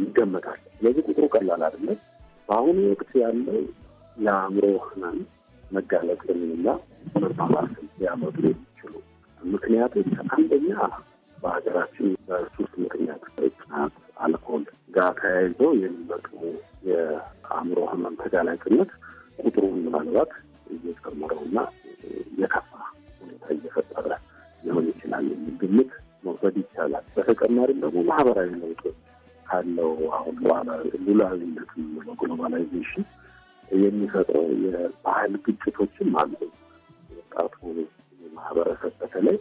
ይገመታል። ስለዚህ ቁጥሩ ቀላል አይደለም። በአሁኑ ወቅት ያለው የአእምሮ ህመም መጋለጥንና መባባስን ሊያመጡ የሚችሉ ምክንያቶች አንደኛ በሀገራችን በሱስ ምክንያት ጫት፣ አልኮል ጋር ተያይዞ የሚመጡ የአእምሮ ህመም ተጋላጭነት ቁጥሩን ምናልባት እየጨመረውና የከፋ እየፈጠረ ሊሆን ይችላል የሚል ግምት መውሰድ ይቻላል። በተጨማሪም ደግሞ ማህበራዊ ለውጥ ካለው አሁን በኋላ ሉላዊነት ግሎባላይዜሽን የሚፈጥረው የባህል ግጭቶችም አሉ። ወጣቱ ማህበረሰብ በተለይ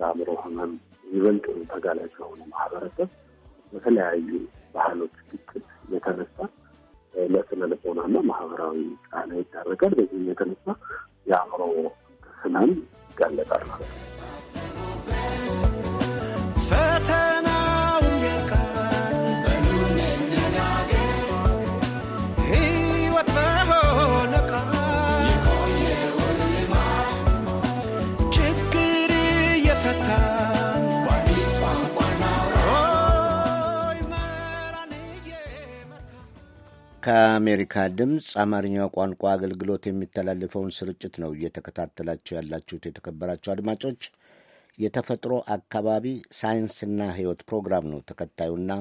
ለአእምሮ ህመም ይበልጥ ተጋላጭ የሆነ ማህበረሰብ በተለያዩ ባህሎች ግጭት የተነሳ ለስነ ልቦናና ማህበራዊ ጫና ይዳረጋል። በዚህም የተነሳ የአእምሮ ህመም ይጋለጣል ማለት ነው። ከአሜሪካ ድምፅ አማርኛው ቋንቋ አገልግሎት የሚተላለፈውን ስርጭት ነው እየተከታተላችሁ ያላችሁት። የተከበራችሁ አድማጮች፣ የተፈጥሮ አካባቢ ሳይንስና ሕይወት ፕሮግራም ነው ተከታዩና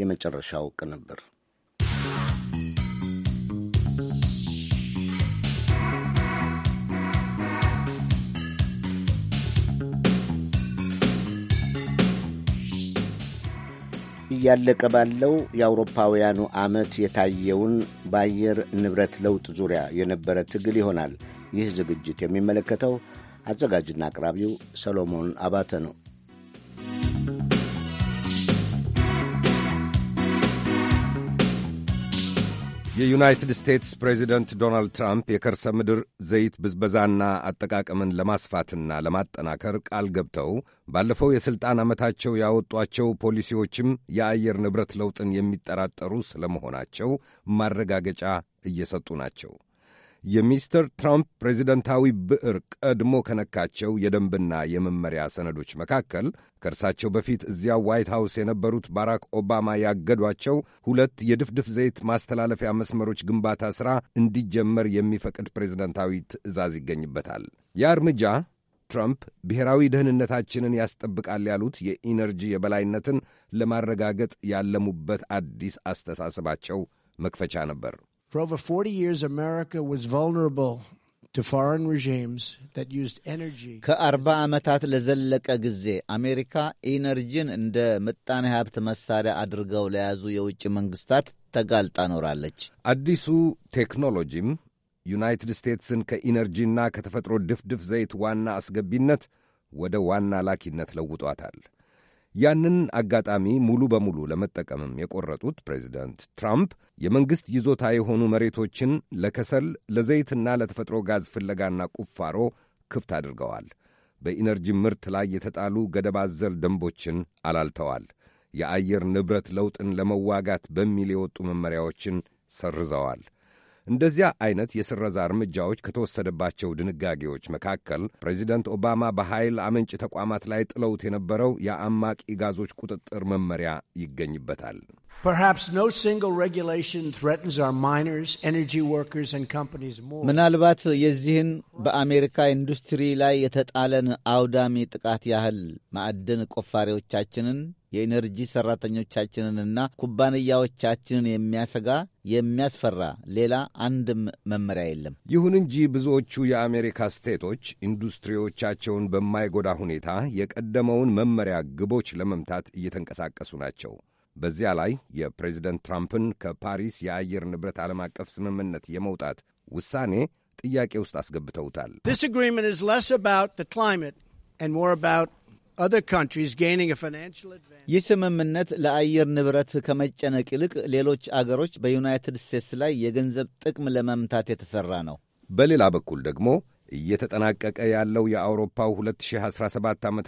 የመጨረሻው ቅንብር እያለቀ ባለው የአውሮፓውያኑ ዓመት የታየውን በአየር ንብረት ለውጥ ዙሪያ የነበረ ትግል ይሆናል ይህ ዝግጅት የሚመለከተው። አዘጋጅና አቅራቢው ሰሎሞን አባተ ነው። የዩናይትድ ስቴትስ ፕሬዚደንት ዶናልድ ትራምፕ የከርሰ ምድር ዘይት ብዝበዛና አጠቃቀምን ለማስፋትና ለማጠናከር ቃል ገብተው ባለፈው የሥልጣን ዓመታቸው ያወጧቸው ፖሊሲዎችም የአየር ንብረት ለውጥን የሚጠራጠሩ ስለመሆናቸው ማረጋገጫ እየሰጡ ናቸው። የሚስተር ትራምፕ ፕሬዚደንታዊ ብዕር ቀድሞ ከነካቸው የደንብና የመመሪያ ሰነዶች መካከል ከእርሳቸው በፊት እዚያው ዋይት ሃውስ የነበሩት ባራክ ኦባማ ያገዷቸው ሁለት የድፍድፍ ዘይት ማስተላለፊያ መስመሮች ግንባታ ሥራ እንዲጀመር የሚፈቅድ ፕሬዚደንታዊ ትዕዛዝ ይገኝበታል። ያ እርምጃ ትራምፕ ብሔራዊ ደህንነታችንን ያስጠብቃል ያሉት የኢነርጂ የበላይነትን ለማረጋገጥ ያለሙበት አዲስ አስተሳሰባቸው መክፈቻ ነበር። For over 40 years, America was vulnerable to foreign regimes that used energy. ከአርባ ዓመታት ለዘለቀ ጊዜ አሜሪካ ኢነርጂን እንደ ምጣኔ ሀብት መሳሪያ አድርገው ለያዙ የውጭ መንግስታት ተጋልጣ ኖራለች። አዲሱ ቴክኖሎጂም ዩናይትድ ስቴትስን ከኢነርጂና ከተፈጥሮ ድፍድፍ ዘይት ዋና አስገቢነት ወደ ዋና ላኪነት ለውጧታል። ያንን አጋጣሚ ሙሉ በሙሉ ለመጠቀምም የቆረጡት ፕሬዚደንት ትራምፕ የመንግሥት ይዞታ የሆኑ መሬቶችን ለከሰል ለዘይትና ለተፈጥሮ ጋዝ ፍለጋና ቁፋሮ ክፍት አድርገዋል። በኢነርጂ ምርት ላይ የተጣሉ ገደብ አዘል ደንቦችን አላልተዋል። የአየር ንብረት ለውጥን ለመዋጋት በሚል የወጡ መመሪያዎችን ሰርዘዋል። እንደዚያ አይነት የስረዛ እርምጃዎች ከተወሰደባቸው ድንጋጌዎች መካከል ፕሬዚደንት ኦባማ በኃይል አመንጭ ተቋማት ላይ ጥለውት የነበረው የአማቂ ጋዞች ቁጥጥር መመሪያ ይገኝበታል። ምናልባት የዚህን በአሜሪካ ኢንዱስትሪ ላይ የተጣለን አውዳሚ ጥቃት ያህል ማዕድን ቆፋሪዎቻችንን የኢነርጂ ሠራተኞቻችንንና ኩባንያዎቻችንን የሚያሰጋ የሚያስፈራ ሌላ አንድም መመሪያ የለም። ይሁን እንጂ ብዙዎቹ የአሜሪካ ስቴቶች ኢንዱስትሪዎቻቸውን በማይጎዳ ሁኔታ የቀደመውን መመሪያ ግቦች ለመምታት እየተንቀሳቀሱ ናቸው። በዚያ ላይ የፕሬዚደንት ትራምፕን ከፓሪስ የአየር ንብረት ዓለም አቀፍ ስምምነት የመውጣት ውሳኔ ጥያቄ ውስጥ አስገብተውታል። ይህ ስምምነት ለአየር ንብረት ከመጨነቅ ይልቅ ሌሎች አገሮች በዩናይትድ ስቴትስ ላይ የገንዘብ ጥቅም ለመምታት የተሠራ ነው። በሌላ በኩል ደግሞ እየተጠናቀቀ ያለው የአውሮፓው 2017 ዓ ም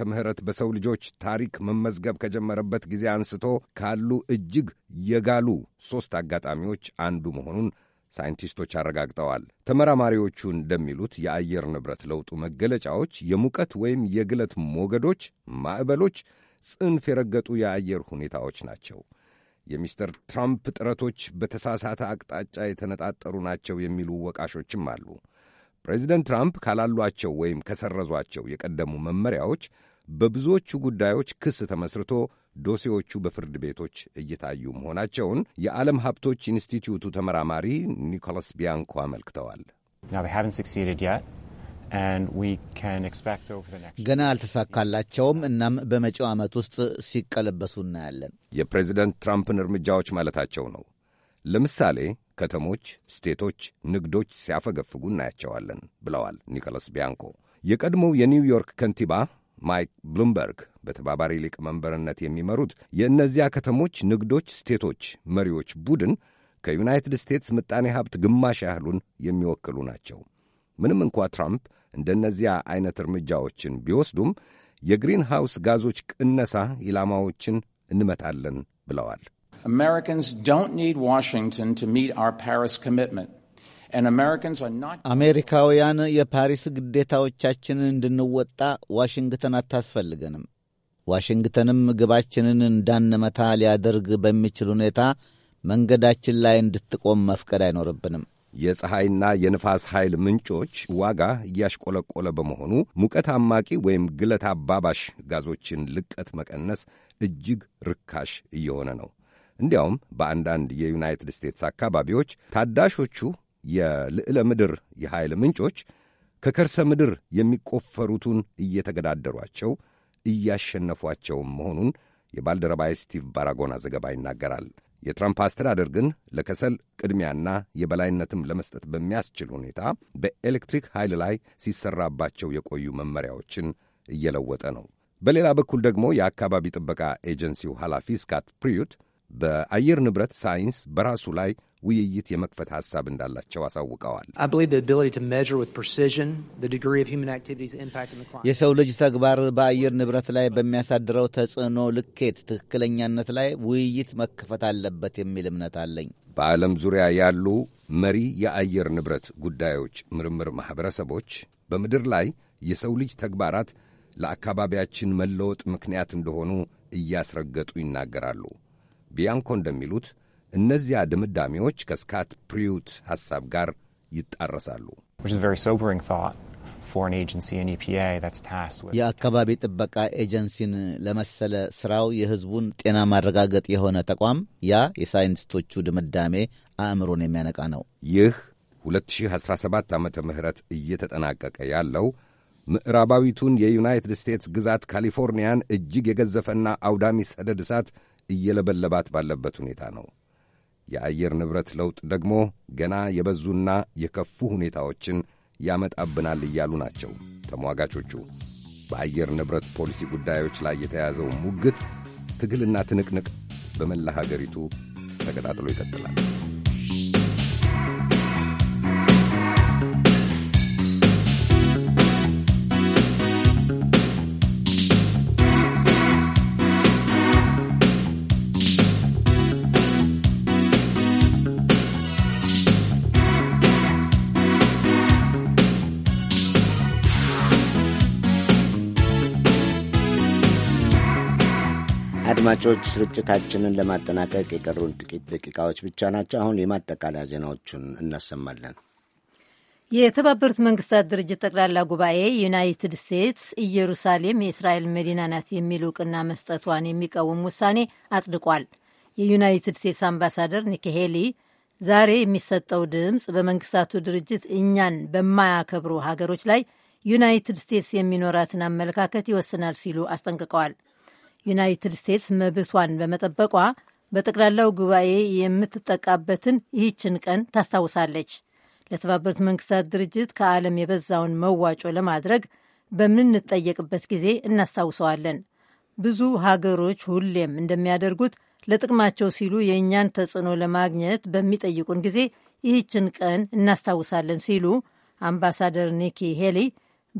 በሰው ልጆች ታሪክ መመዝገብ ከጀመረበት ጊዜ አንስቶ ካሉ እጅግ የጋሉ ሦስት አጋጣሚዎች አንዱ መሆኑን ሳይንቲስቶች አረጋግጠዋል። ተመራማሪዎቹ እንደሚሉት የአየር ንብረት ለውጡ መገለጫዎች የሙቀት ወይም የግለት ሞገዶች፣ ማዕበሎች፣ ጽንፍ የረገጡ የአየር ሁኔታዎች ናቸው። የሚስተር ትራምፕ ጥረቶች በተሳሳተ አቅጣጫ የተነጣጠሩ ናቸው የሚሉ ወቃሾችም አሉ። ፕሬዚደንት ትራምፕ ካላሏቸው ወይም ከሰረዟቸው የቀደሙ መመሪያዎች በብዙዎቹ ጉዳዮች ክስ ተመስርቶ ዶሴዎቹ በፍርድ ቤቶች እየታዩ መሆናቸውን የዓለም ሀብቶች ኢንስቲትዩቱ ተመራማሪ ኒኮላስ ቢያንኮ አመልክተዋል። ገና አልተሳካላቸውም። እናም በመጪው ዓመት ውስጥ ሲቀለበሱ እናያለን። የፕሬዚደንት ትራምፕን እርምጃዎች ማለታቸው ነው። ለምሳሌ ከተሞች፣ ስቴቶች፣ ንግዶች ሲያፈገፍጉ እናያቸዋለን ብለዋል ኒኮላስ ቢያንኮ። የቀድሞው የኒውዮርክ ከንቲባ ማይክ ብሉምበርግ በተባባሪ ሊቀመንበርነት የሚመሩት የእነዚያ ከተሞች ንግዶች፣ ስቴቶች መሪዎች ቡድን ከዩናይትድ ስቴትስ ምጣኔ ሀብት ግማሽ ያህሉን የሚወክሉ ናቸው። ምንም እንኳ ትራምፕ እንደነዚያ አይነት እርምጃዎችን ቢወስዱም የግሪንሃውስ ጋዞች ቅነሳ ኢላማዎችን እንመታለን ብለዋል። አሜሪካውያን የፓሪስ ግዴታዎቻችንን እንድንወጣ ዋሽንግተን አታስፈልገንም። ዋሽንግተንም ግባችንን እንዳንመታ ሊያደርግ በሚችል ሁኔታ መንገዳችን ላይ እንድትቆም መፍቀድ አይኖርብንም። የፀሐይና የንፋስ ኃይል ምንጮች ዋጋ እያሽቆለቆለ በመሆኑ ሙቀት አማቂ ወይም ግለት አባባሽ ጋዞችን ልቀት መቀነስ እጅግ ርካሽ እየሆነ ነው። እንዲያውም በአንዳንድ የዩናይትድ ስቴትስ አካባቢዎች ታዳሾቹ የልዕለ ምድር የኃይል ምንጮች ከከርሰ ምድር የሚቆፈሩትን እየተገዳደሯቸው እያሸነፏቸውም መሆኑን የባልደረባይ ስቲቭ ባራጎና ዘገባ ይናገራል። የትራምፕ አስተዳደር ግን ለከሰል ቅድሚያና የበላይነትም ለመስጠት በሚያስችል ሁኔታ በኤሌክትሪክ ኃይል ላይ ሲሰራባቸው የቆዩ መመሪያዎችን እየለወጠ ነው። በሌላ በኩል ደግሞ የአካባቢ ጥበቃ ኤጀንሲው ኃላፊ ስካት ፕሪዩት በአየር ንብረት ሳይንስ በራሱ ላይ ውይይት የመክፈት ሐሳብ እንዳላቸው አሳውቀዋል። የሰው ልጅ ተግባር በአየር ንብረት ላይ በሚያሳድረው ተጽዕኖ ልኬት ትክክለኛነት ላይ ውይይት መከፈት አለበት የሚል እምነት አለኝ። በዓለም ዙሪያ ያሉ መሪ የአየር ንብረት ጉዳዮች ምርምር ማኅበረሰቦች በምድር ላይ የሰው ልጅ ተግባራት ለአካባቢያችን መለወጥ ምክንያት እንደሆኑ እያስረገጡ ይናገራሉ። ቢያንኮ እንደሚሉት እነዚያ ድምዳሜዎች ከስካት ፕሪዩት ሐሳብ ጋር ይጣረሳሉ። e የአካባቢ ጥበቃ ኤጀንሲን ለመሰለ ስራው የሕዝቡን ጤና ማረጋገጥ የሆነ ተቋም ያ የሳይንቲስቶቹ ድምዳሜ አእምሮን የሚያነቃ ነው። ይህ 2017 ዓ ም እየተጠናቀቀ ያለው ምዕራባዊቱን የዩናይትድ ስቴትስ ግዛት ካሊፎርኒያን እጅግ የገዘፈና አውዳሚ ሰደድ እሳት እየለበለባት ባለበት ሁኔታ ነው። የአየር ንብረት ለውጥ ደግሞ ገና የበዙና የከፉ ሁኔታዎችን ያመጣብናል እያሉ ናቸው ተሟጋቾቹ። በአየር ንብረት ፖሊሲ ጉዳዮች ላይ የተያዘው ሙግት፣ ትግልና ትንቅንቅ በመላ ሀገሪቱ ተቀጣጥሎ ይቀጥላል። አድማጮች ስርጭታችንን ለማጠናቀቅ የቀሩን ጥቂት ደቂቃዎች ብቻ ናቸው። አሁን የማጠቃለያ ዜናዎቹን እናሰማለን። የተባበሩት መንግስታት ድርጅት ጠቅላላ ጉባኤ ዩናይትድ ስቴትስ ኢየሩሳሌም የእስራኤል መዲና ናት የሚል እውቅና መስጠቷን የሚቃወም ውሳኔ አጽድቋል። የዩናይትድ ስቴትስ አምባሳደር ኒኪ ሄሊ ዛሬ የሚሰጠው ድምፅ በመንግስታቱ ድርጅት እኛን በማያከብሩ ሀገሮች ላይ ዩናይትድ ስቴትስ የሚኖራትን አመለካከት ይወስናል ሲሉ አስጠንቅቀዋል። ዩናይትድ ስቴትስ መብቷን በመጠበቋ በጠቅላላው ጉባኤ የምትጠቃበትን ይህችን ቀን ታስታውሳለች። ለተባበሩት መንግስታት ድርጅት ከዓለም የበዛውን መዋጮ ለማድረግ በምንጠየቅበት ጊዜ እናስታውሰዋለን። ብዙ ሀገሮች ሁሌም እንደሚያደርጉት ለጥቅማቸው ሲሉ የእኛን ተጽዕኖ ለማግኘት በሚጠይቁን ጊዜ ይህችን ቀን እናስታውሳለን ሲሉ አምባሳደር ኒኪ ሄሊ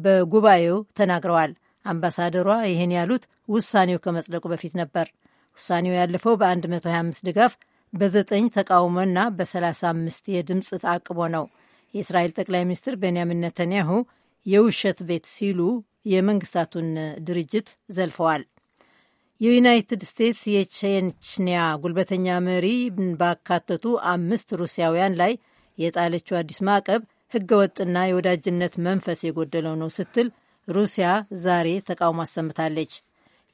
በጉባኤው ተናግረዋል። አምባሳደሯ ይህን ያሉት ውሳኔው ከመጽደቁ በፊት ነበር። ውሳኔው ያለፈው በ125 ድጋፍ በ9 ተቃውሞና በ35 የድምፅ ተአቅቦ ነው። የእስራኤል ጠቅላይ ሚኒስትር ቤንያሚን ነተንያሁ የውሸት ቤት ሲሉ የመንግስታቱን ድርጅት ዘልፈዋል። የዩናይትድ ስቴትስ የቼንችኒያ ጉልበተኛ መሪ ባካተቱ አምስት ሩሲያውያን ላይ የጣለችው አዲስ ማዕቀብ ሕገወጥና የወዳጅነት መንፈስ የጎደለው ነው ስትል ሩሲያ ዛሬ ተቃውሞ አሰምታለች።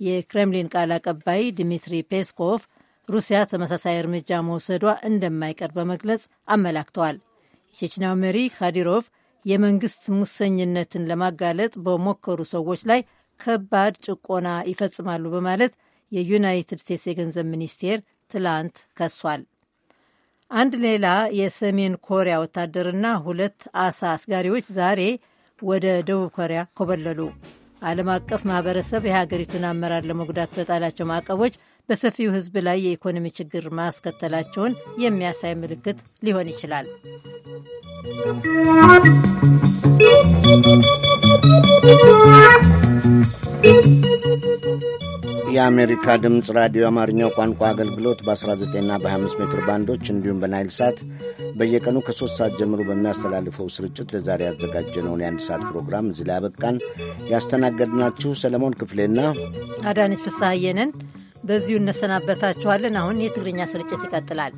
የክሬምሊን ቃል አቀባይ ድሚትሪ ፔስኮቭ ሩሲያ ተመሳሳይ እርምጃ መውሰዷ እንደማይቀር በመግለጽ አመላክተዋል። የቼችናው መሪ ካዲሮቭ የመንግስት ሙሰኝነትን ለማጋለጥ በሞከሩ ሰዎች ላይ ከባድ ጭቆና ይፈጽማሉ በማለት የዩናይትድ ስቴትስ የገንዘብ ሚኒስቴር ትላንት ከሷል። አንድ ሌላ የሰሜን ኮሪያ ወታደርና ሁለት አሳ አስጋሪዎች ዛሬ ወደ ደቡብ ኮሪያ ኮበለሉ። ዓለም አቀፍ ማህበረሰብ የሀገሪቱን አመራር ለመጉዳት በጣላቸው ማዕቀቦች በሰፊው ሕዝብ ላይ የኢኮኖሚ ችግር ማስከተላቸውን የሚያሳይ ምልክት ሊሆን ይችላል። የአሜሪካ ድምፅ ራዲዮ አማርኛው ቋንቋ አገልግሎት በ19ና በ25 ሜትር ባንዶች እንዲሁም በናይል ሳት በየቀኑ ከሦስት ሰዓት ጀምሮ በሚያስተላልፈው ስርጭት ለዛሬ ያዘጋጀነውን የአንድ ሰዓት ፕሮግራም እዚህ ላይ አበቃን። ያስተናገድናችሁ ሰለሞን ክፍሌና አዳነች ፍስሐዬ በዚሁ እነሰናበታችኋለን። አሁን የትግርኛ ስርጭት ይቀጥላል።